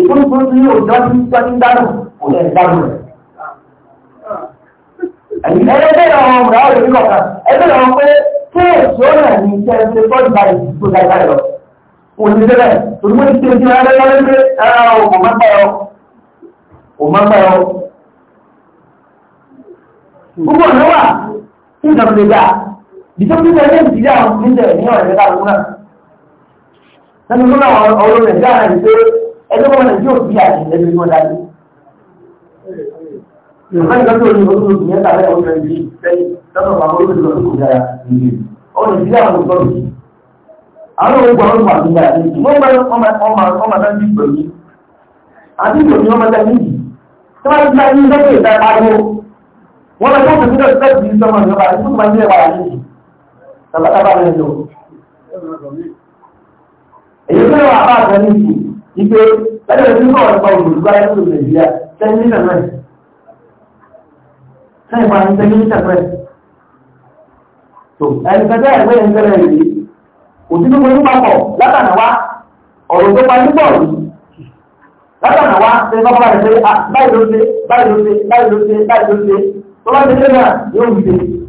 ìgbóhùn tí yóò jọ sí sọ́ni dánù kò lè dánù rẹ̀. ẹ̀yìn ẹgbẹ́ ọmọ ọmọ ọ̀rẹ́ mi kọ̀ọ̀kan ẹgbẹ́ ọmọ pé kí èso rẹ̀ ní iṣẹ́ ṣe bọ́ọ̀dù báyìí tó dáadáa lọ. òní débẹ̀ torí wọ́n ti ṣe ti ara lọ́wọ́ pé ẹ̀rọ ò máa ń bá ọ gbogbo ọ̀nà wà fún ìjọba lè gbà ìjọba lè ní ìdílé àwọn ìpínlẹ̀ ní ọ̀rẹ́ ẹ̀ka lónà lẹ́nu lọ́nà ọ̀rọ̀ rẹ̀ dára ní pé ẹgbẹ́ wọn yóò fi àti ẹgbẹ́ wọn dájú Yorùbá ìjọba tó ní olú òbí yẹn tàbí àwọn ọ̀rẹ́ yìí sẹ́yìn lọ́nà àwọn olóòtú lọ́nà kò dára ọ̀rẹ́ ìdílé àwọn olùkọ́ mi àwọn olùkọ́ àwọn olùkọ́ àti ìyá mi wọ́n máa wọ́n máa wọ́n máa wọ́n máa dájú ìgbòmí àti ìgbòmí wọ́n máa dájú ìgbòmí tí wọ́n ti dájú ìgbòmí wọ́n lọ fún ìpínlẹ̀ ìpínlẹ̀ ìbí sọmọ ìjọba ìpínlẹ̀ ìpínlẹ̀ ìpínlẹ̀ wà ní tàbátàbá rẹ̀ lò. èyí tó wà bá àgbà ní ìsìn ìgbé ẹgbẹ́ tí wọ́n lọ olùgbà ẹ̀sùn nàìjíríà tẹ́lẹ̀ nígbà náà sẹ́yìn máa ń tẹ́lẹ̀ nígbà náà. tó ẹni tẹ́lẹ̀ ẹgbẹ́ yẹn tẹ́lẹ̀ yìí òtí tó gbóyún papọ̀ látànà wá bá rẹ̀ pé ah, báyìí ló ṣe báyìí ló ṣe báyìí ló ṣe báyìí ló ṣe tó bá ti ṣe náà yóò ṣe dájú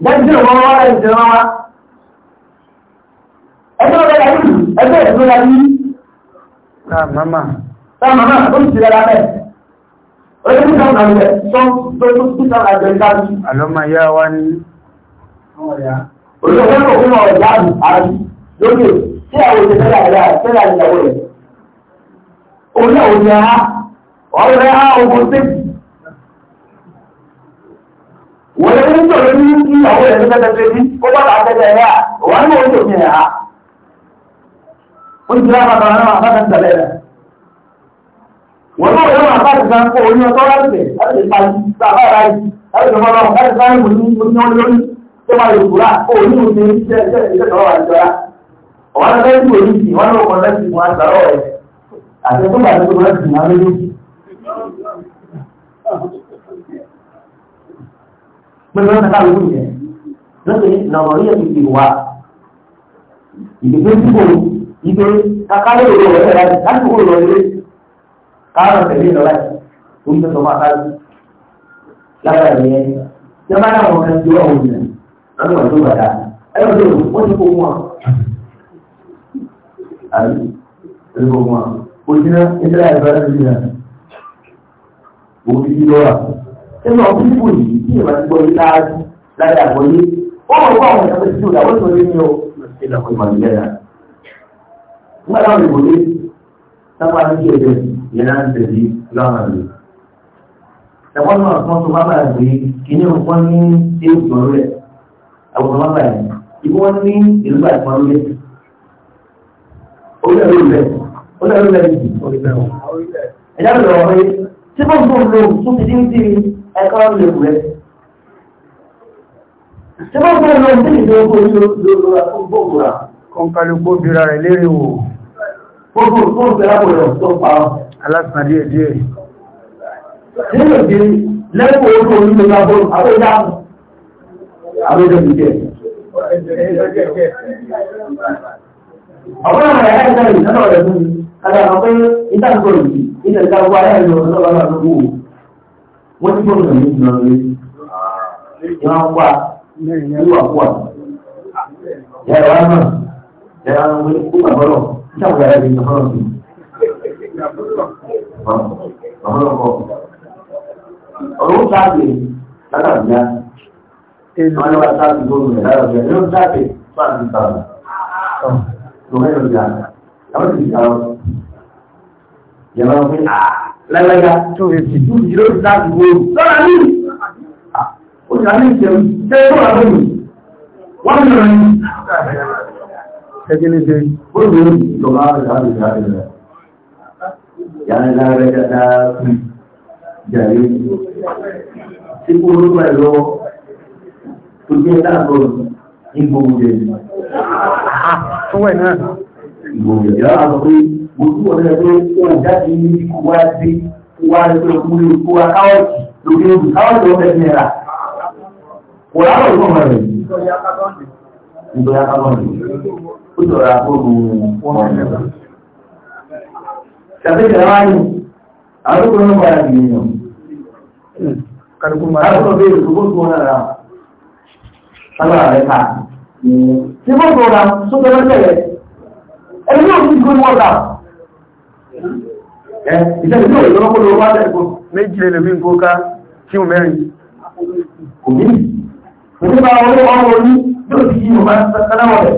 ìwọ́n wá ẹ̀jẹ̀ wọn wá ẹgbẹ́ ọ̀rẹ́ la yìí ẹgbẹ́ ẹ̀jẹ̀ la yìí tá màmá tá màmá ó sì rẹ̀ lábẹ́ orí náà nà lẹ̀ tó tó tó tó tó àjọ ìdájú. àlọ́ máa yá wa ní. olùkọ́ náà fún ọ̀rọ̀ ìyá mi àbí lókè tí àwọn òṣèlú àyà tẹ́lẹ̀ àyàwó rẹ̀ òun náà ò ní were wani tsoron yi ki a wani yanzu daga ya wani ma o ne ya kun jira ma ba ma ya wani ma ba ta san ko wani wani sauran ce har da ta yi ta ba pẹ̀lú ọ̀nà táwọn ìlú yẹn lóde nàmọ̀rí ẹ̀sìn ti wà ìgbésẹ̀ dìbò ìgbé kakáré òwò rẹ̀ láti láti kó lọ ilé káàrọ̀ tẹ̀lé lọ láti orí tó tọmọ akáàrọ̀ lábàá ìyẹn tí wọ́n bá náà wọn kan ti wọ́n wọ̀nyí lọ́dún wọn tó bàtà ẹ̀rọ tó wọ́n ti kó wọn. àbí ẹ̀rọ ìdílé àìbára ìdílé àná ti di lọ́wọ́ àpò ẹ̀rọ ọ̀pọ̀ yìí tí ìwà ti gbóyé láàájú láti àgbóyé ó mọ̀ fún àwọn ìyàwó tí ìwà wọ́n tó lé ní o ṣe lọ́kọ̀ ìmọ̀ ìlẹ́ rà. nígbà táwọn ìbò dé sábà ní kí ẹ̀jẹ̀ ìyẹn náà ń tẹ̀lé lọ́nà rẹ̀. ẹ̀wọ́n náà tí wọ́n tó bábà gbé kíní nǹkan ní éèkùn rẹ̀ àwòrán bábà yìí ìbí wọ́n ní ìlú bá ìpọn lé. ó lẹ́rú rẹ̀ ó lẹ́rú rẹ̀ ẹ̀jẹ̀ àgbẹ̀ ọ̀rẹ́ tí wọ́n tó lò tó ti dín dín ẹ̀kọ́ lè rẹ̀ tí wọ́n fún ọmọ sí ìdókò lóra fún gbogbo kọkàlùkò bíra rẹ̀ lérè wò gbogbo tó ń bẹ̀rẹ̀ àpòrẹ̀ tó pa alásìnà díẹ̀ díẹ̀ nílò sí lẹ́kọ̀ọ́ orí orí ló bá bọ́ àwọ́já àwọ́jọ́ ìjẹ́ ọ̀pọ̀ àwọn ẹ̀yà ìjọ ìjọba rẹ̀ fún mi kàdà àwọn pé ìtàkùn yìí ilẹ̀ ìjọba ayé ìlú ọ̀dọ́gbà lọ́wọ́ wọ́n ti gbọ́dọ̀ ní ìgbọ̀n rẹ̀ ìwọ̀n wà wúwà ọ̀rọ̀ sáàbì lálàbíà wọn lọ́wọ́ sáàbì lóru rẹ̀ lálàbíà yóò sáàbì sáàbì sáàbì lọ́wọ́ yóò yà àwọn ti sàrọ̀ yàrá wí lálàyà tó fi fi dúró sáàbì lóru lọ́la ní ìdárí ìjẹun tẹ́ tó wà lórí wọ́n lọ rí ẹgbẹ́ lẹ́gbẹ́ olùgbé ìjọba ìdárí ìdárí rẹ̀ yàrá rẹ̀ dáadáa kù jàrí tí kó lórí ẹ̀ lọ́wọ́ tó jẹ́ láàbọ̀ ìgbòho jẹ́ ìgbòho jẹ́ àwọn pé gbogbo ọ̀rẹ́ pé ó jáde ní kó wá sí wá lórí kó wá káwọ̀tì lórí olùkáwọ̀tì ọ̀fẹ́ Wòláwọ̀ ìfọ̀mọ̀ rẹ̀. Ìgbòyà kábọ̀ rẹ̀. Ó jọra fóònù wọn. Ṣàfihàn wá ní àdúgbò ní wàrà ìgbìyàn. Kàdùkù máa rẹ̀. Àdúgbò bèèrè tó gbóòtú wọn rà. Sábà rẹ̀ ká. Ṣé gbóòtú wọn rà sókè lọ́sẹ̀lẹ̀? Òṣèlú àwọn olówó ọmọ orí yóò ti yí ìwọ̀n sánáwọ̀ rẹ̀.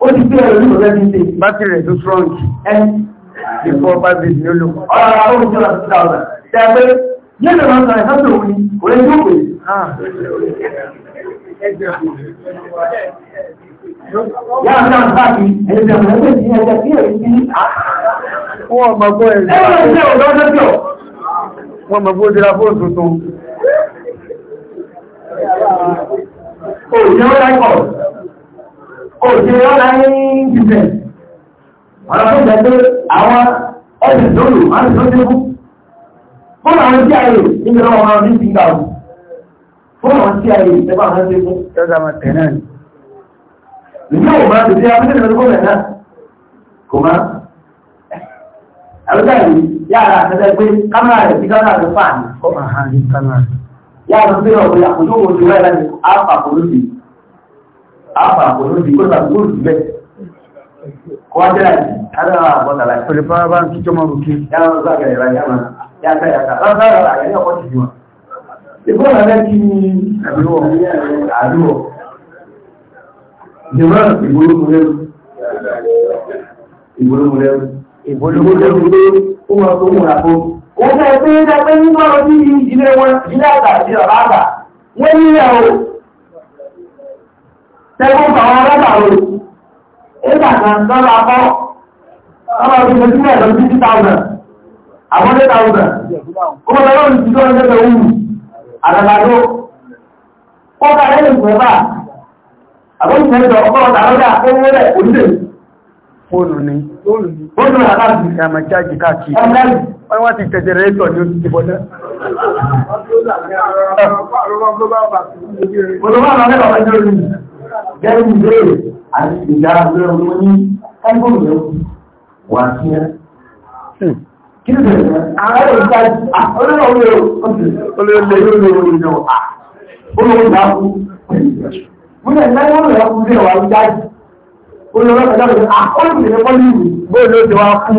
Ó ti gbé ẹ̀rọ nípa rẹ̀ níṣe. Bátìrì rẹ̀ tó strong. Ẹ ìfọ̀ bátìrì ní olóko. Ọ̀rọ̀ àwọn olùjọ́ àti ìdáwọ̀dà. Dẹ́gbẹ́ yóò lè máa sọ̀rọ̀ ìfẹ́ òun ni, kò lè yóò pè. Yáà náà bá mi, ẹ̀jẹ̀ mọ̀ ẹgbẹ́ sí ẹ̀jẹ̀ sí èyí sí. Wọ́n mọ̀ bó ẹ̀jẹ̀. Ẹ̀jẹ̀ sí ọ̀dọ́ òjò láìpọ̀ òjò ọ̀la ní ìbẹ̀ ọ̀nà tó jẹ́ pé àwọn ọ̀sẹ̀ tó lò máa ń tó dé fún fún àwọn tí a lè níbi lọ́wọ́ máa ní ìgbà wù fún àwọn tí a lè ìjọba máa dé fún tọ́jà máa tẹ̀ náà ni ìjọ ò máa tẹ̀lé abúlé lọ́dún gómìnà náà kò máa àbúkà yìí yára àtẹ́lẹ́gbé kámẹ́rà rẹ̀ sí kámẹ́rà rẹ̀ fáà yàtọ̀ sí ọ̀pọ̀ àkójú owó ti wáyé láti áfà polóòdì áfà polóòdì kó tàbí kó jù bẹ́ẹ̀ kó wájẹ́ láti adára àbọ̀tà láti. olè bá bá ń kí jọmọ bù kí. yàrá ló sàgẹ̀ ìrà yàrá yàtà yàtà lọ́sà yàrá yàrá ọkọ̀ ti jùmọ̀. ìgbọ́n náà lẹ́kí ni àdúrọ̀ àdúrọ̀ jùmọ̀ ìgbólógúnlẹ́rù ìgbólógúnlẹ́rù ìgbólógúnlẹ́rù ó máa tó mú àpò òun fẹ́ pé dápẹ́ nígbà lọ sí ilé wọn ilé àgbà ọ̀rọ̀ àgbà wọ́n nílẹ̀ o tẹ́gbọ́n bá wọn lọ́gbà bọ́ àwọn wọ́n wá ti tẹ̀jẹ̀rẹ̀ ẹ̀tọ̀ ní oṣù ti bọ́dá. Múlẹ̀ ìdájọ́ rẹ̀ ọkùnrin ẹ̀wà ń dájú. Olùrọ̀ ìdájọ́ rẹ̀ àkọ́lù ìrẹ́kọ́lù ìwò bóòlù ó ti wá fún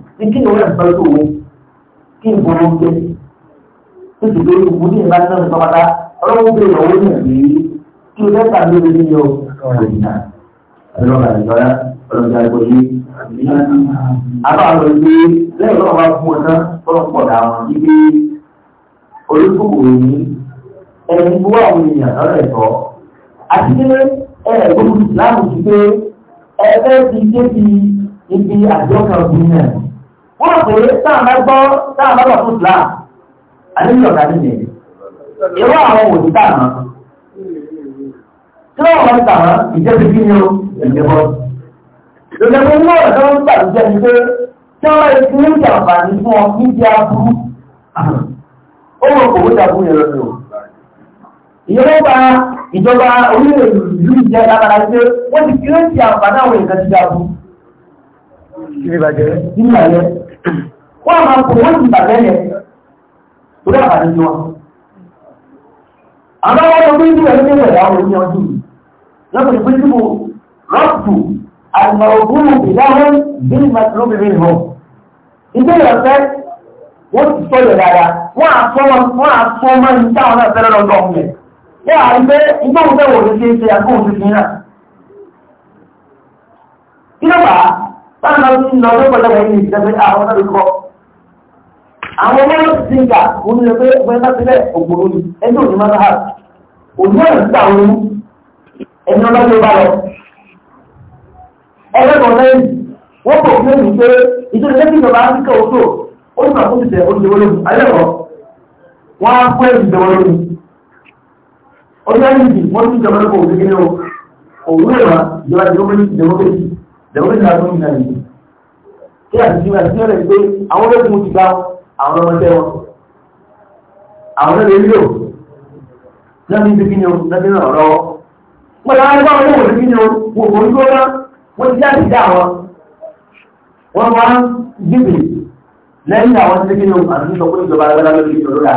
ní kí ni wọ́n ń tọ́jú òwe kí n bọ̀ wọ́n gbé ní ti gbé ìwú ní ìbá náà nípa pátá ọlọ́wọ́ gbé ìyàwó ní ẹ̀mí kí ilé ẹ̀ka ló lè níyọ ọ̀rìnà ọlọ́wọ́ àdìgbọ́lá ọlọ́wọ́ àdìgbọ́lé àbá àlọ́ ìgbé lẹ́yìn lọ́wọ́ bá fún ọ̀nà ọlọ́pọ̀ dà wọn ibi olùkókò yìí ẹni gbọ́ àwọn èèyàn lọ́rọ̀ ẹ̀tọ́ àti pé ẹ̀ẹ́dọ́gbọ̀n láàmù pé ẹ̀ẹ́dẹ́ ibi àjọ kan fún wọ́n pè é sáàmà gbọ́ fún islam àdébí ọ̀gá ní ìyẹn àwọn òní sáàmà tí wọ́n wọ́n sáàmà ìjẹ́bi kí ni ó ìjẹ́bọ́ lọ́jọ́ pé wọ́n ọ̀dọ́ ń gbàdúgbẹ́ ni pé tí wọ́n ti ní fún ọ níbi aburú ó wọ kò wọ́n dàbú yẹn lọ́dọ̀ ìjọba ìjọba orílẹ̀-èdè ìlú ìjẹ́ wọ́n máa kò wọ́n ti bàjẹ́ yẹn torí àbàdé ni wọn. àmọ́ wọ́n tó gbé ìwé ní ìwé àwọn ènìyàn jù lọ́pọ̀ ìpín báwọn ọdún ní ọdún pẹ̀lẹ́ wọ́n ní ìṣẹ́fẹ́ àwọn ọdún kọ́. àwọn ọmọ yóò ti ń gà wọ́n ní ẹgbẹ́ ẹgbẹ́ sátẹ́lẹ̀ ògbòrò ni ẹni òní máa ha òní ọ̀nà ti tà wọn ẹni ọlọ́ tó bá lọ. ẹgbẹ́ kan lẹ́yìn wọ́n kò fún mi pé ìjọba ẹgbẹ́ ìjọba áfíríkà oṣù ó ní àkóso ìṣẹ̀ olùdókòwò alẹ́kọ̀ọ́ wọ́n á fún ẹ̀sìn ìjọba lórí. ọjọ́ ìdì wọ́n ti ìjọba lóko òṣèlú òwúrẹ̀ wa ìjọba ìjọba lẹ́wọ́n ní àdó nìyà yìí kí àtijọ́ ìgbà tí wọ́n lè gbé àwọn ológun ti gba àwọn ọmọdé wọn àwọn ọmọdé rí o lẹ́nu ibi kíni o lẹ́nu ìrìn ọ̀rọ̀ wọn. wọ́n lọ́wọ́ nípa wọn lóhùn kíni o wò kò ní kó ná wọ́n o àti nípa pé ìjọba alágbádá lórí ìjọba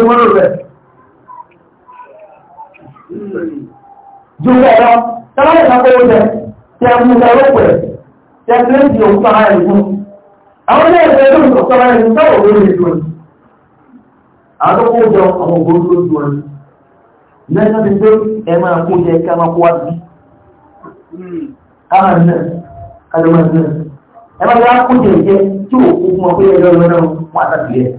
ó sì ju ẹ̀rọ tẹ́lẹ̀ ìsàkóyò jẹ tí a mú ẹ̀rọ pẹ̀ tí a ti lè di òun sára ẹ̀ fún àwọn ilé ẹ̀rọ ẹ̀rọ ìsọ̀ sára ẹ̀ fún sáwọ̀ lórí ìlú ẹ̀ àdókòó jọ àwọn ògbóni lójú ẹ̀ lẹ́sẹ̀ ti pé ẹ máa kó jẹ ká máa kó wá sí káwọn ẹ̀ náà kájọ máa náà ẹ máa yá kó jẹ jẹ tí ò kó fún ọ pé ẹ̀rọ ìlú náà wọ́n àtàkì ẹ̀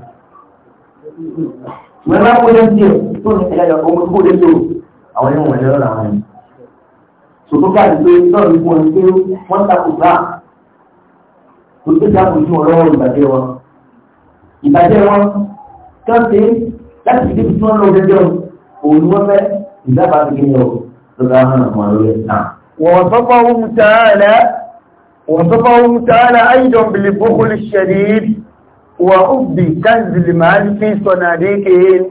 wọ́n máa kó jẹ jẹ tó ẹ̀rọ sòtúkà ti pé náà ní wọn pé wọ́n takò gbà tó tó dáàbò sí wọn lọ́wọ́ ìbàjẹ́ wọn ìbàjẹ́ wọn tó ń ṣe láti fi débi tí wọ́n lọ gẹ́gẹ́ òun ni wọ́n fẹ́ ìdábàá ti kéde ọ̀ lọ́dọ̀ àwọn àwọn àwọn ọ̀rẹ́ náà. ووصفهم تعالى وصفهم تعالى أيضا بالبخل الشديد وحب كنز المال في صناديقهم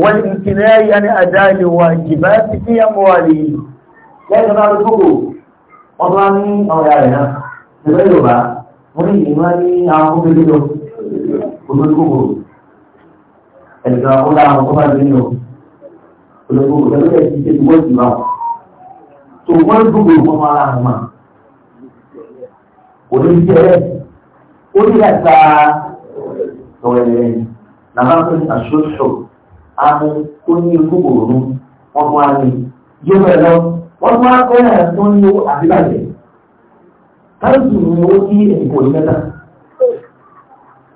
والامتناع عن أداء الواجبات في أموالهم lẹ́yìn náà ló kókò wọ́n tún wá ní ọmọ ìyá rẹ̀ náà ṣẹlẹ̀ yorùbá wọ́n ní ìlú wọn ní àwọn kókò lójó olójú kókò ẹ̀dùn àwọn ọ̀dà àwọn kókò lójó olójú kókò lọ́dọ̀ ẹ̀ ti ṣe ti wọ́ọ̀tì náà tó wọ́n dúró wọn máa ra àwọn máa olójú ẹ̀rẹ́ ó ní ẹ̀ta ọ̀rẹ́rẹ́ wọ́n tún wá bẹ́ẹ̀ tó ní owó àbíbàjẹ́ táìsì ni ó kí èkó ní mẹ́ta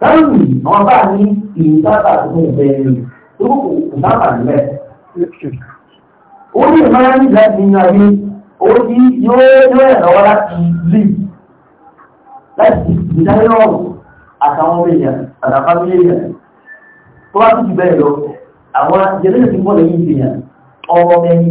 táìsì àwọn bá ní ìdábà tó ń bẹ ní tó kò dábà nílẹ̀ ó ní ìmáyà ní ìlà ìyìn ayé ó ní yóò yóò ẹ̀rọ láti lè láti ìdáyọ̀ àtàwọn ọmọ èèyàn àtàwọn ọmọ èèyàn tó bá tún ti bẹ́ẹ̀ lọ àwọn jẹ́lẹ́sì mọ́lẹ̀ yìí fi hàn ọmọ ẹni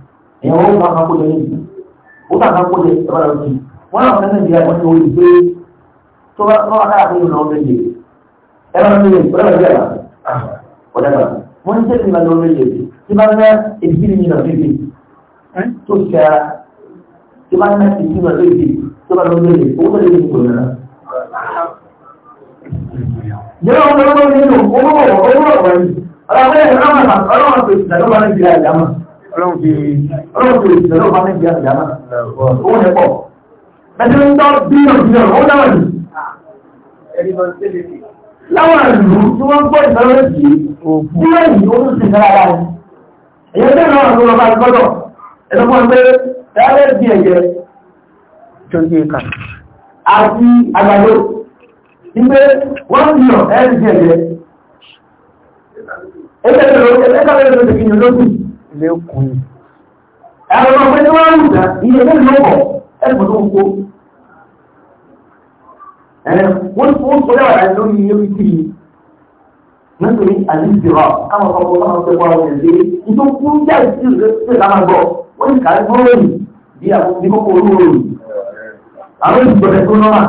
èèyàn ó máa kó jẹ níbi ó tà máa kó jẹ ìjọba lọ sí wọn náà fẹ́ẹ́ nàìjíríà wọn ni ó lè gbé tó bá wọn kára fún ìrìnà ọmọ ilé ẹ bá mi lè ọ̀dà bàbá ọ̀dà bàbá wọn ní sẹ́yìn ìgbàlódé ọmọ ilé tí bá ń ná èdè ní ìlànà bíbí tó ṣe ara tí bá ń ná èdè ní ìlànà bíbí tó bá lọ́mọ ilé owó lè ní ìkòlè náà. Jẹ́wọ́n ọmọ ọmọ nínú owó ọ̀wọ́ owó ọ̀wọ́ yìí, ọ̀làwọ̀ ẹ̀rọ ọlọ́run fi ọlọ́run fi ìṣẹ̀lẹ̀ ọba mẹ́bí àgbàmà owó yẹn pọ̀ bẹ́ẹ̀ ń tọ́ bílíọ̀nù bílíọ̀nù ó dáwà ní. láwọn ìlú tí wọ́n gbọ́ ìfẹ́rẹ́ sí bílíọ̀nù ó tún sì fẹ́ ara rẹ̀ èyí bẹ́ẹ̀ náà ló lọ́ba gbọ́dọ̀ ẹ̀dọ́ fún ẹgbẹ́ ẹgbẹ́ bí ẹ̀jẹ̀ àti àgbàdo ìgbé wọ́n fi lẹ́kùn. Àwọn ọmọ ẹgbẹ́ wọn rú ìjà iye tó lọ́pọ̀ ẹgbẹ́ tó gbogbo. Wọ́n ti fún sọ́yà rẹ̀ lórí iye wípé nítorí àlìsíra káwọn ọmọ ọmọ ọmọ ọmọ ọmọ ẹgbẹ́ ìjọ kún jẹ́ ìsìn rẹ̀ sí ìlànà gbọ́. Wọ́n ti kàrí gbọ́rọ̀yìn bí àwọn ní kókó olóòrùn. Àwọn ìgbọ̀nẹ̀ tó lọ́wọ́.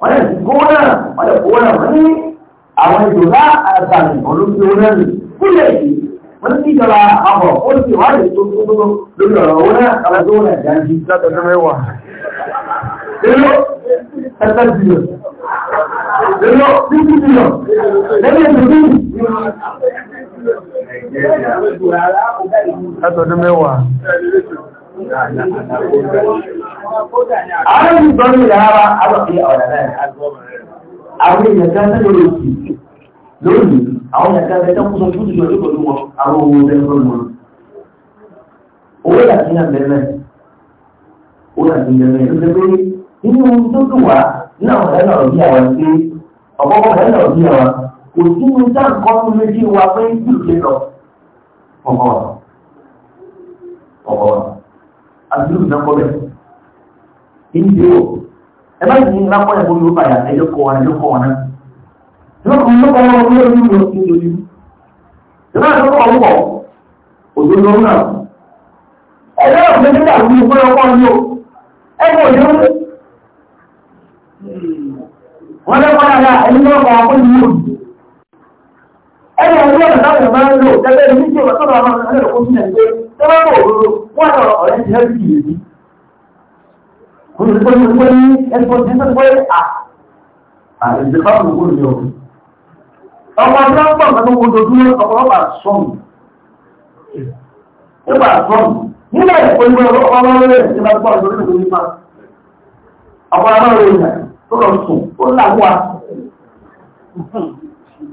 Wọ́n yẹ gómìnà, wọ́n yẹ gómìnà, wọ́n ní àwọn ìjọba àgbàlẹ̀ olóṣèlú rẹ̀ kúlẹ̀ yìí wọ́n ní ìjọba àpapọ̀ ó sì wá lè tó tó lórí Àwọn ìgbọ́n ní ìlànà àwọn lórí àwọn ìyàkálẹ̀ tó kún sọ fún ìjọ ní pẹ̀lú wọn àwọn owó bẹ́ẹ̀ fún wọn owó yàtí ní àbẹ̀rẹ̀ owó yàtí ní àbẹ̀rẹ̀ ló ṣe pé nínú ohun tó dùn wá ní àwọn ẹ̀rọ bí àwọn ṣe ọ̀pọ̀pọ̀ ẹ̀rọ bí àwọn kò sí ní sáǹkọ́ tó méjì wa pé kí ìṣe lọ ọ̀pọ̀ ọ̀pọ̀ àti ìlú ìdánkọ́ bẹ́ẹ̀ ìdí o ẹ bá ti ní lápọ̀ ẹ̀kọ́ Yorùbá ẹ̀yọ́kọ̀ wọn ẹ̀yọ́kọ̀ wọn náà lọ́kọ̀ọ́lọ́kọ̀ ọmọ orí lọ sí ìjọjú ìrọ̀ àtọ́kọ̀ọ́lọ́kọ̀ òjòjò náà ẹ̀rọ ìgbẹ́gbẹ́gbà ní ìgbẹ́ ọkọ̀ ní o ẹgbẹ́ òjò wọ́n lọ́kọ̀ lára ẹni lọ́kọ̀ ọkọ̀ ní o ẹgbẹ́ òjò ọ̀dọ́ ìgbẹ́ máa ń lò tẹ́lẹ̀ ní ìjọba tó bá máa ń lọ́kọ̀ ní ẹgbẹ́ tẹ́lẹ̀ òjò wọ́n lọ ọ̀rẹ́ ti hẹ́bí ìrètí Olùdókòwò ní ẹgbẹ́ òjò ní ẹgbẹ́ òjò ọmọ ọdún ọgbọ̀n kan tó ń gbogbo dúró ọ̀pọ̀lọpọ̀ sọ́ọ̀mù ó bà sọ́ọ̀mù nílẹ̀ ìpolówó ọlọ́pàá lọ́rẹ́ ẹ̀ nígbà tó ọ̀dọ́ nínú nípa ọ̀pọ̀lọpọ̀ lọ́rẹ́ ìyà tó lọ sùn ó làwọ́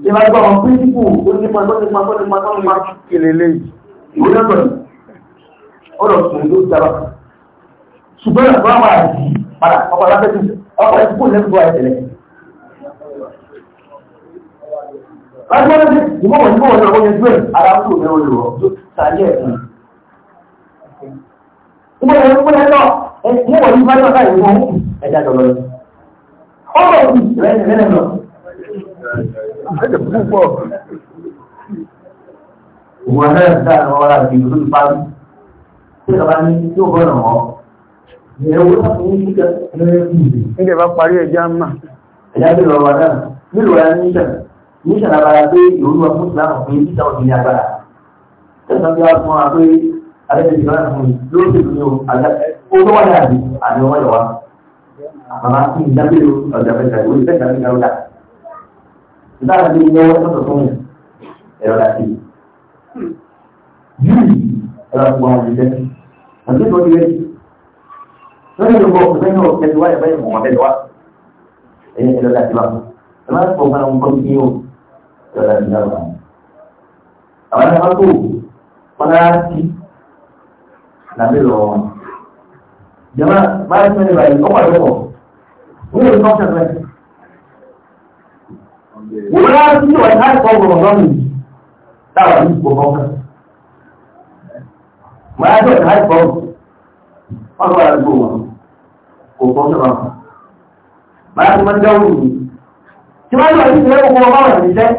ìgbà tó ọmọ píríncípù ó nípa tó nípa tó nípa tó nípa kèlélé ìwé lọ́tọ̀ ni ó lọ sùn ló dára ìgbà wà lágbára sí ìmọ̀wọ̀ ní mọ̀wọ̀ náà wọ́n yẹn ara ń tò mẹ́wọ́n lò ó sàyẹ̀ ẹ̀sìn. ìmọ̀ lọ. ìwọ̀n náà ní parí. ṣé bàbá ní tí ó lọ wà náà, bí lọ kì í ṣàlàyé pé ìrònú ọmọ ìsìlámù pé títà òdì ní agbára tẹ̀sán bí wọ́n fún wa pé alẹ́sẹ̀ ìgbà náà fún mi lórí ètò ní olówó ní àbí àmì ọwọ́ ìwà àmàmà kí n dábìlì ọjà fẹsẹ̀ ìwé fẹsẹ̀ ní ìgbàlódà ìdára bí ilé ọwọ́ sọ̀tọ̀ fún mi ẹ̀rọ dàtí yìí ẹ̀rọ àti wọn àdìsẹ́ àti tó yẹ lórí ìlú bọ́ọ̀ fẹ́ yóò ẹ̀dùn wáyé báyìí mọ̀ wọ́n bẹ́ẹ̀ wá ẹ̀rọ dàtí wa ẹ̀rọ àti wọn kọ́ àwọn ẹ̀fọ́ tó pàdáàtì làbí lọ wọn jẹ́mọ́ bá ń sẹ́ni báyìí ọ̀pọ̀ àlọ́pọ̀ wọ́n yóò tọ́ sẹ́fẹ́ wọ́n yá sí ìwà ìkáàkọ́ ọ̀rọ̀ lọ́nà táwọn ní ìpò kọ́kọ́ wọ́n yá sí ìwà ìkáàkọ́ ọ̀rọ̀ wọ́n lọ́wọ́ àdúgbò wọn kò kọ́ sọ́nà bá a ti máa ń dáwọ́ ìlú tí wọ́n yóò ní ìwé ọkọ̀ ọmọ rẹ̀ níṣẹ́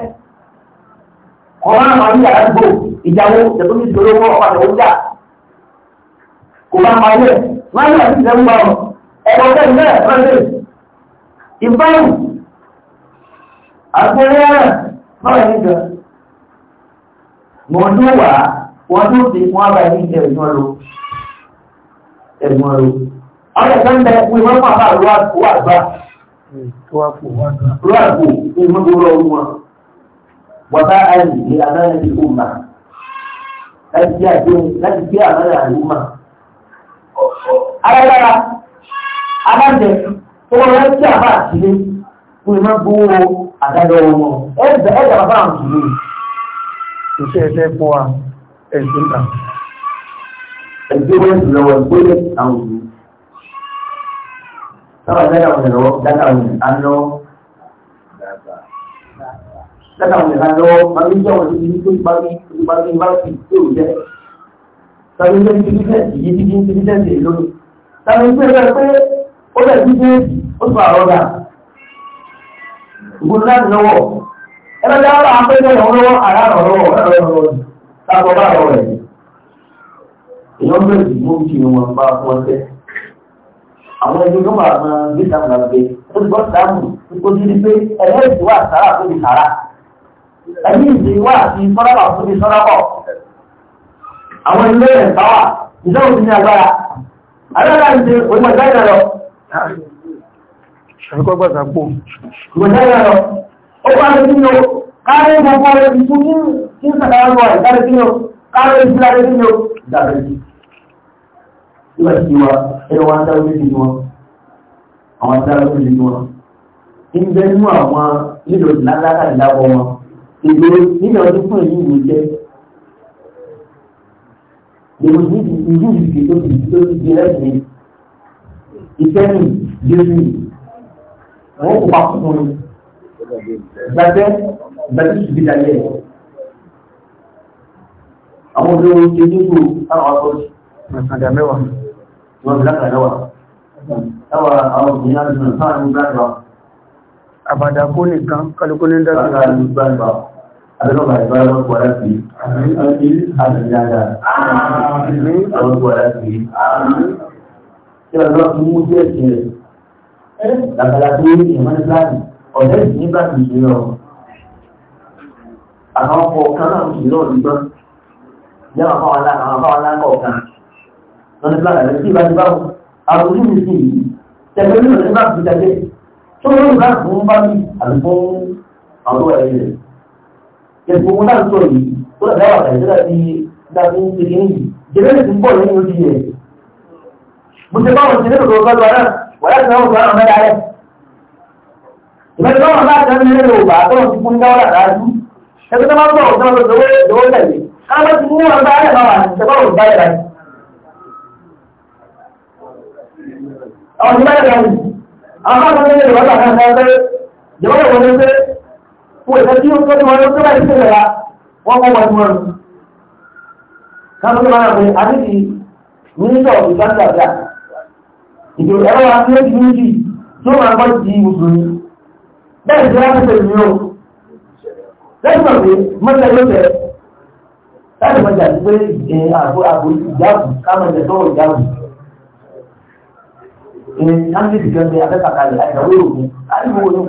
ọ̀rọ̀ náà máa ń yà ládùúgbò ìjáwó ìjẹ̀bú ní ìdúró wọn ọ̀pá ìwọ̀n jà kò bá máa yẹ máa yà sí ìjẹun bá wọn ẹ̀rọ bẹ́ẹ̀ náà rẹ́lẹ̀ ìbáwù àgbẹ̀rẹ̀ náà nígbà mọ̀ ní wà wọ́n tó ti wọ́n bá ní ẹ̀gbọ́n lo ẹ̀gbọ́n lo ọ̀rẹ́ kan وفاء لأمانة الأمة láti jẹ́ àdéhùn láti gbé àmọ́lẹ̀ àlùmọ́. Alágbára alájẹ tó wọ́n rẹ̀ tí àbá àtìlé fún ìmọ̀ gbówó àdájọ́ ọmọ ẹ̀dà ẹ̀dà bàbá àtìlé. Iṣẹ́ ẹ̀ṣẹ́ fún wa ẹ̀sìn náà. Ẹ̀sìn wọ́n ti lọ́wọ́ ìgbélé àwọn òbí. Sábà dáadáa wọn lọ́wọ́ dáadáa wọn àná látàwọn ìlànà lọ́wọ́ máa ń jẹ́ àwọn ìdílé tó bá rí tó bá rí bá fi tó jẹ́ tàbí ilé ìdílẹ́sì yìí dídí ìdílẹ́sì lónìí tàbí ilé rẹ̀ pé ó lẹ̀ dídí ó sọ àrọ́dà ìgbóná láti lọ́wọ́ ẹgbẹ́ tí wọ́n pẹ́ jẹ́ ìwọ̀n lọ́wọ́ àrárọ̀ lọ́wọ́ ẹ̀rọ tàbí ọba àrọ̀ rẹ̀ èèyàn bẹ̀rẹ̀ sí mú kí wọn bá fún ọ tẹ́ àwọn ẹgbẹ́ tó máa gbé sàmùlà pé ó ti bọ́ sàmù ó ti di pé ẹ̀rẹ́ ìwà sàrà tó di sàrà ẹ̀mí ìdí àti sọ́lápà fún ní sọ́lápọ̀. Àwọn ilé rẹ̀ sáwà, ìṣẹ́ òsì ní agbára. Alága ń ṣe onímọ̀ ìdájà lọ. Àfikọ́ gbàgbà pò. Ìgbàjáyà lọ. Ó bá lè kí káàrí gbogbo rẹ̀ ìfún ní kí lọ àìsáré kí káàrí ìfúnlá ìgbèrè nígbà ọdún fún èyí ìwé jẹ́ èrò níbi ìlú ìgbè tó ti tó ti di ẹ̀sìn ìfẹ́mi jésù wọ́n kó papọ̀ fún mi gbàgbẹ́ gbàgbẹ́ ti di dàgbẹ́ àwọn olówó ṣe nígbò táwọn akọ́jú. Nàkàdà mẹ́wàá. Wọ́n fi lákàdà wà. Táwa àwọn òbí náà ti nà sáà ní gbàgbà. Àbàdà nìkan kálukú ní dàgbà. Bàbá ní gbàgbà. Adọ́lọ́gbà ìbára wọn kọ̀ọ̀rá sí àmìyàdà. Àwọn kọ̀ọ̀rá sí. Ṣé ọ̀dọ́ fún mú jẹ́ ẹ̀sìn rẹ̀? Làbàlá pé ìmọ̀ ìsáàdì, ọ̀dẹ́ ìsìn nígbà tí ìṣẹ́ lọ. Àwọn ọkọ̀ kan náà ń ṣe náà nígbọ́n. Yẹ́ àwọn afáwọn aláǹkọ̀ kan. Lọ́nà ìbára rẹ̀ sí ìbájú báwo? Àwọn onímọ̀ sí yìí. Tẹ̀lé ní ọ̀dẹ́ bá fi jáde. Tó lóyún bá fún bá mi àbí fún àwọn ẹ̀yẹ rẹ̀ ẹ̀sùn wọn náà sọ yìí ó dàbí àwọn àìsíra ti dàbí ń ṣe kìíní yìí jẹ́rẹ́lẹ̀ ti ń bọ̀ lẹ́yìn ojú yẹn. mo ṣe báwọn ṣe lérò lọ́gbà lọ́wọ́ náà wàlá ti náà sọ̀rọ̀ mẹ́ta rẹ̀. ìbẹ̀rẹ̀ báwọn bá tẹ̀lé lérò bá tó ti fún dáwọ́lá dáadú ẹgbẹ́ tó máa ń bọ̀ ọ̀sán lọ́wọ́ lọ́wọ́ tẹ̀lé káwọn ti mú wọn bá rẹ̀ bá wà ní ìṣẹ̀bá òun bá rẹ̀ rẹ̀. àwọn ìbára rẹ̀ àwọn bá tẹ̀lé lérò lọ́gbà kan sọ pé ìjọba òṣèlú tó ti wọlé tó bá ìṣẹ́ rẹ̀ wọ́n kọ́ wọn wọn. káàkiri máa pè àdìsí mínísítà ìgbà gbàgbà ìjọ ẹ̀rọ wa ti lójú méjì tí ó máa bọ́ di mùsùlùmí bẹ́ẹ̀ ti ráńtẹ́ tẹ̀lé mi o lẹ́yìn náà pé mọ́tẹ́ ló tẹ̀ láti mọ̀ jà pé ẹ̀ àbò àbò ìjáàbù káàmọ̀ ẹ̀ tọ́wọ̀ ìjáàbù ẹ̀ ní ángẹ́lì kan ní abẹ́kàkalẹ̀ àìsàwé òògùn láti wọ́n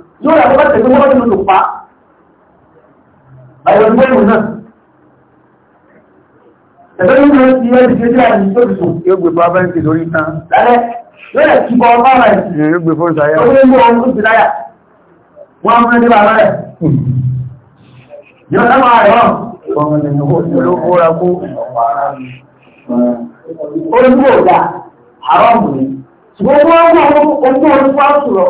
yóò yà wọ́n tẹ̀lé wọ́n nínú pa àyọ̀ ìwé ìwé náà ẹ̀fẹ́ yìí ló ti yẹ́ ìgbésí àyè tó fi sùn. yóò gbé bá bẹ́ńkì lórí tán. lálẹ́ yóò yà kí bọ́ bá rẹ̀. yóò gbé fún ìsáyà. ó lé ní ọmọ tó ti láyà wọ́n á fún ẹni bàbá rẹ̀. yóò dábàá rẹ̀ wọ́n. ọmọ ènìyàn ló kóra kó. ó ní kó o dà àrọ́ mùsùlùmí. ṣùgbọ́n wọ́n wọ́n ojú orí fáwọn sùrọ̀.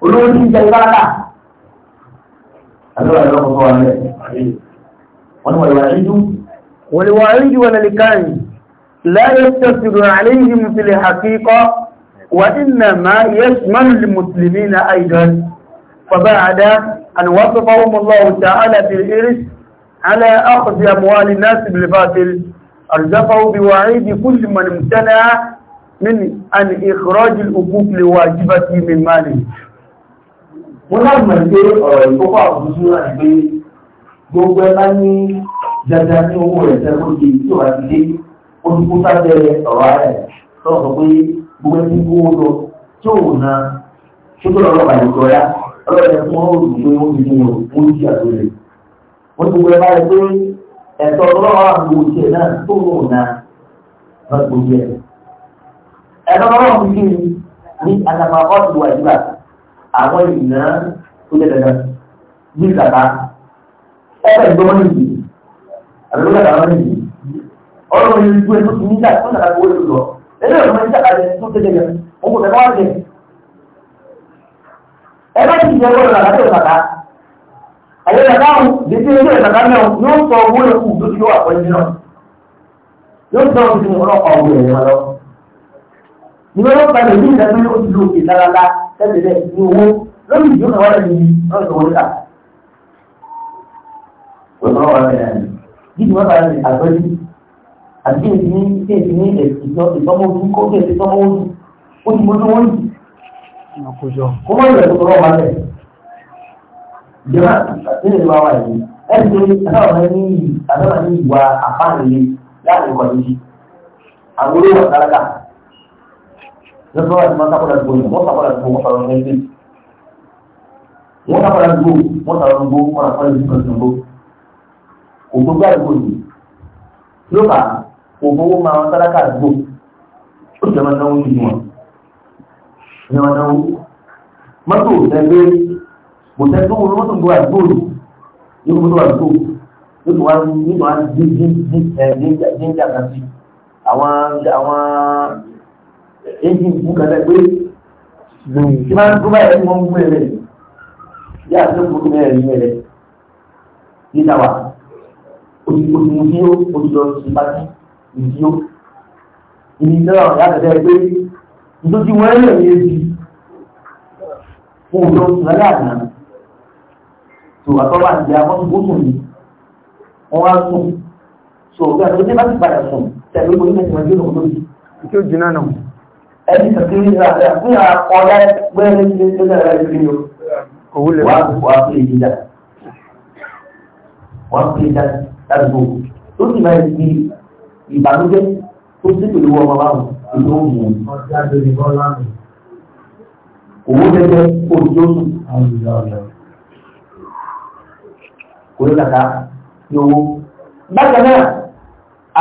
olówó ti jẹ ìbára àdúrà ìlú ọkọ̀ wà lẹ̀ wọ́n ni wàlúwà ìjú wàlúwà ìjú wà lẹ́lẹ́kàn láyé tẹ̀sùrù àlẹ́yìn mùsùlùmí àkíkọ́ wà ìnàmá yẹ́sùmọ́n mùsùlùmí na àìdán فبعد أن وصفهم الله تعالى بالإرث على أخذ أموال الناس بالباطل أرزفه بوعيد كل من امتنع من أن إخراج الأبوك لواجبته من ماله wọ́n láti mọ̀ pé ọ̀rọ̀ ìkókó àkùnjú náà ni pé gbogbo ẹ bá ní dandan ní owó rẹ̀ tẹ́lẹ̀ lóde tí ò bá ti dé ó ti kú sábẹ́ ọ̀rọ̀ ara ẹ̀ tọ́wọ́ sọ pé gbogbo ẹ ti kú owó lọ tí ò na ṣókè lọ́rọ̀ bàjẹ́ kọ́lá ọlọ́run ẹ̀ fún ọ́ rò pé ó ti dùn ó ń jí àtúnṣe wọ́n ti gbogbo ẹ bá pé ẹ̀tọ́ ọlọ́run àwọn òṣèlú náà tó ò na lọ́gbọ̀gbẹ̀ ẹ̀rọ ọlọ́run kí ni àtàkùn àwọn ìná tó jẹ́ dandan bí ìgbàgbá ẹgbẹ́ ìgbọ́mọ́ nìyí àbẹ̀wò kàkà wọn nìyí ọlọ́run yìí ju ẹni tó ti ní ìjà tó nàkà owó èlò lọ ẹgbẹ́ ìgbọ́mọ́ nìyí jàkà lẹ tó tẹ́lẹ̀ yẹn òun kò fẹ́ káwọn jẹ ẹgbẹ́ ti jẹ gbọ́dọ̀ nàkà tó nàkà àyè nàkà wọn dèjì ilé nàkà náà yóò sọ owó èkú tó ti wà pẹ́ẹ́lí náà yóò sọ ohun tẹ́lẹ̀ bẹ́ẹ̀ ní owó lórí ìjọ náà wọ́n ní wọ́n ti wọlé kà. Wọ́n máa wà lẹ́yìn àná. Jíjù wọn bá rẹ̀ àgbẹ̀dì. Àbí èsì ní kéèsì ní ìtọ́ ìtọ́mọ́wó kó kéèsì ìtọ́mọ́wó ni. Ó ti mọ́tò wọ́n yìí. Kó mọ́ ìrẹ̀ tó lọ́wọ́ alẹ̀. Ìjọba nílẹ̀ ìwà wà yìí. Ẹ ti ṣe àdáwà ní àdáwà lọ́sọ̀rọ̀ àti máa sábàdà gbogbo yìí wọ́n sábàdà gbogbo wọ́n sàrọ̀ ẹgbẹ́ wọ́n sábàdà gbogbo wọ́n sàrọ̀ gbogbo wọ́n sàrọ̀ ẹgbẹ́ wọ́n sàrọ̀ gbogbo òtò gbá àdúgbò yìí ló bá òfowó máa wọn sálákà àdúgbò ó sì máa náwó nínú wọn ní wọn náwó mọ́tò ẹgbẹ́ kò tẹ́ tó wọn mọ́tò gbogbo àdúgbò yìí ní gbogbo àdúgbò ló ti wá nínú àdúgbò ní ìjà kan sí àwọn àwọn èyí ìbú kan lẹ́gbẹ́ tí máa ń tó báyìí tí wọ́n ń gbé rẹ̀ yí àti òkú mẹ́rẹ̀ ní rẹ̀ níta wà òtún tí ó oṣù lọ sí bá sí ìdí ó ìdí náà yàtọ̀ pé ìdójú wọn rẹ̀ ní ebi fún òjò ìrọ̀lẹ́ àná tó àtọ́wà àti àwọn tó sùn ní wọ́n wá sùn so ìgbà tó dé bá ti padà sùn tẹ̀lé onímọ̀ ìgbà tó lòun tó yìí. ìjọ jìnnà náà ẹni tẹ̀sí ìrìnàjò fún àkọọ́lá gbẹ́rẹ́ sí ilé náà rí o. Owó lè wá wá sí èyí dá. Wọ́n fi dá dágbò. Tó sì máa di ìbànújẹ́ tó sì pẹ̀lú ọmọ báwọn ìlú òmù. Owó tẹ́tẹ́ òjò sùn. Kò ní kàkà ní owó. Bákan náà,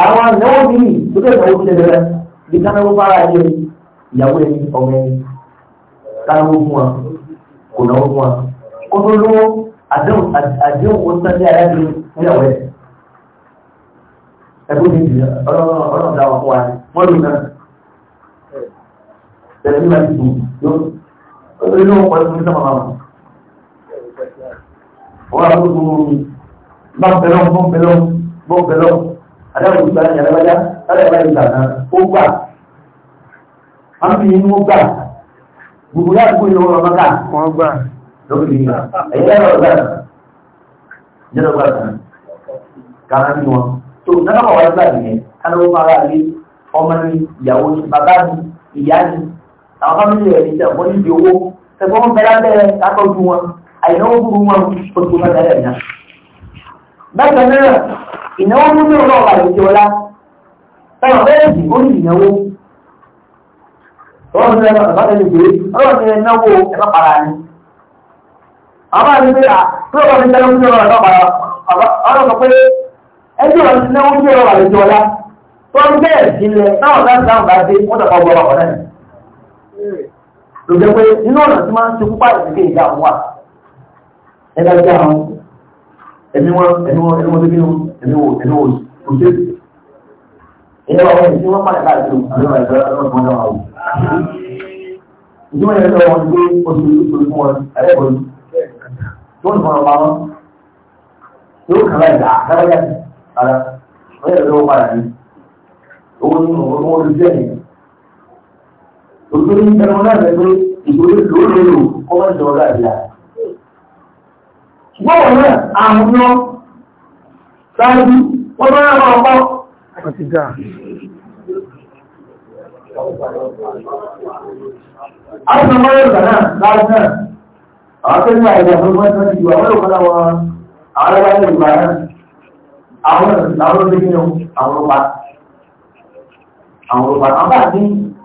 àwọn ìnáwó mi tó kẹ́kọ̀ọ́ ti tẹ̀lé rẹ̀ bí kámẹ́wó fara ẹ̀yẹ ìyàwó ẹni ọmọ ẹni táwọn ogun wa kò náwó fún wa kó tó lówó àdéhùn kó sáré aráàlú fún ìyàwó ẹ ẹgbẹ́ mi jù ọlọ́run dá wa fún wa mọ́lù náà tẹ̀lé nígbà tí kò yóò ó lówó pẹ̀lú ní sábà máa wọ́n á gbogbo bá bẹ̀rẹ̀ bọ́ bẹ̀rẹ̀ bọ́ bẹ̀rẹ̀ adáwọ̀ ìgbà yàrá bá yá lára ìgbà yàrá ó gbà wọ́n fi inú gbà gbogbo yàrá kó ìlú ọ̀rọ̀ mọ́ta wọ́n gbà lókè ìgbà ẹ̀yẹ́ ọ̀rọ̀ gbà jẹ́rọ gbà kan kàrán ní wọn tó nánàbà wà gbà nìyẹn kánáwó fara lé ọmọ ní ìyàwó ní bàbá ní ìyá ní àwọn fámìlì rẹ̀ ní sẹ́wọ́n ní ibi owó sẹ́wọ́n bẹ́ẹ̀ lábẹ́ kátọ́jú wọn àìnáwó burú wọn tó tó bá dára ìyá bákan náà ìnáwó múlò náà wà bẹ́ẹ̀ tọ́wọ́n tó lẹ́nu ọ̀sán lẹ́nu ìgbé ọlọ́run ti lẹ́nu náwó ni. àbá mi pé àtúrò bá mi tẹ́lẹ̀ fún ọ̀rọ̀ ẹ̀fọ́ para sọ pé ẹjọ́ ọ̀rọ̀ ti náwó jẹ́ ọ̀rọ̀ àlejò ọ̀la tó ń bẹ́ẹ̀ sílẹ̀ táwọn láti dáhùn bá dé wọ́n dàpọ̀ gbọ́ ọ̀rọ̀ náà. ló jẹ́ pé nínú ọ̀nà tí máa ń ṣekú pààyàn sí kéèjà wọn wà ẹgbẹ́ ìjọba yẹn lọ wọn gbé oṣù tó fún wọn ẹlẹ́gbọ̀n tó ń fọ̀rọ̀ pamọ́ yóò kàrà ìdá lábẹ́yà ara wọ́n yẹ̀ lọ́wọ́ padà ní owó ní owó orí jẹ́ ẹ̀yìn òṣèré ẹnu náà rẹ̀ pé ìgbòho lòólòlò kọ́mọ́ ìjọba láti là ṣùgbọ́n wọn náà àmúyọ́ sáájú wọ́n bá rà wọn kọ́ Àwọn ọmọ Yorùbá náà láti náà, àwọn tó ní àìjà fún wọ́n tó ti wà wọ́n lòkọ́lá wọn àwọn ọmọ Yorùbá náà, àwọn àwọn olóbi nínú àwọn ọpa. Àwọn ọpa, àwọn bá ní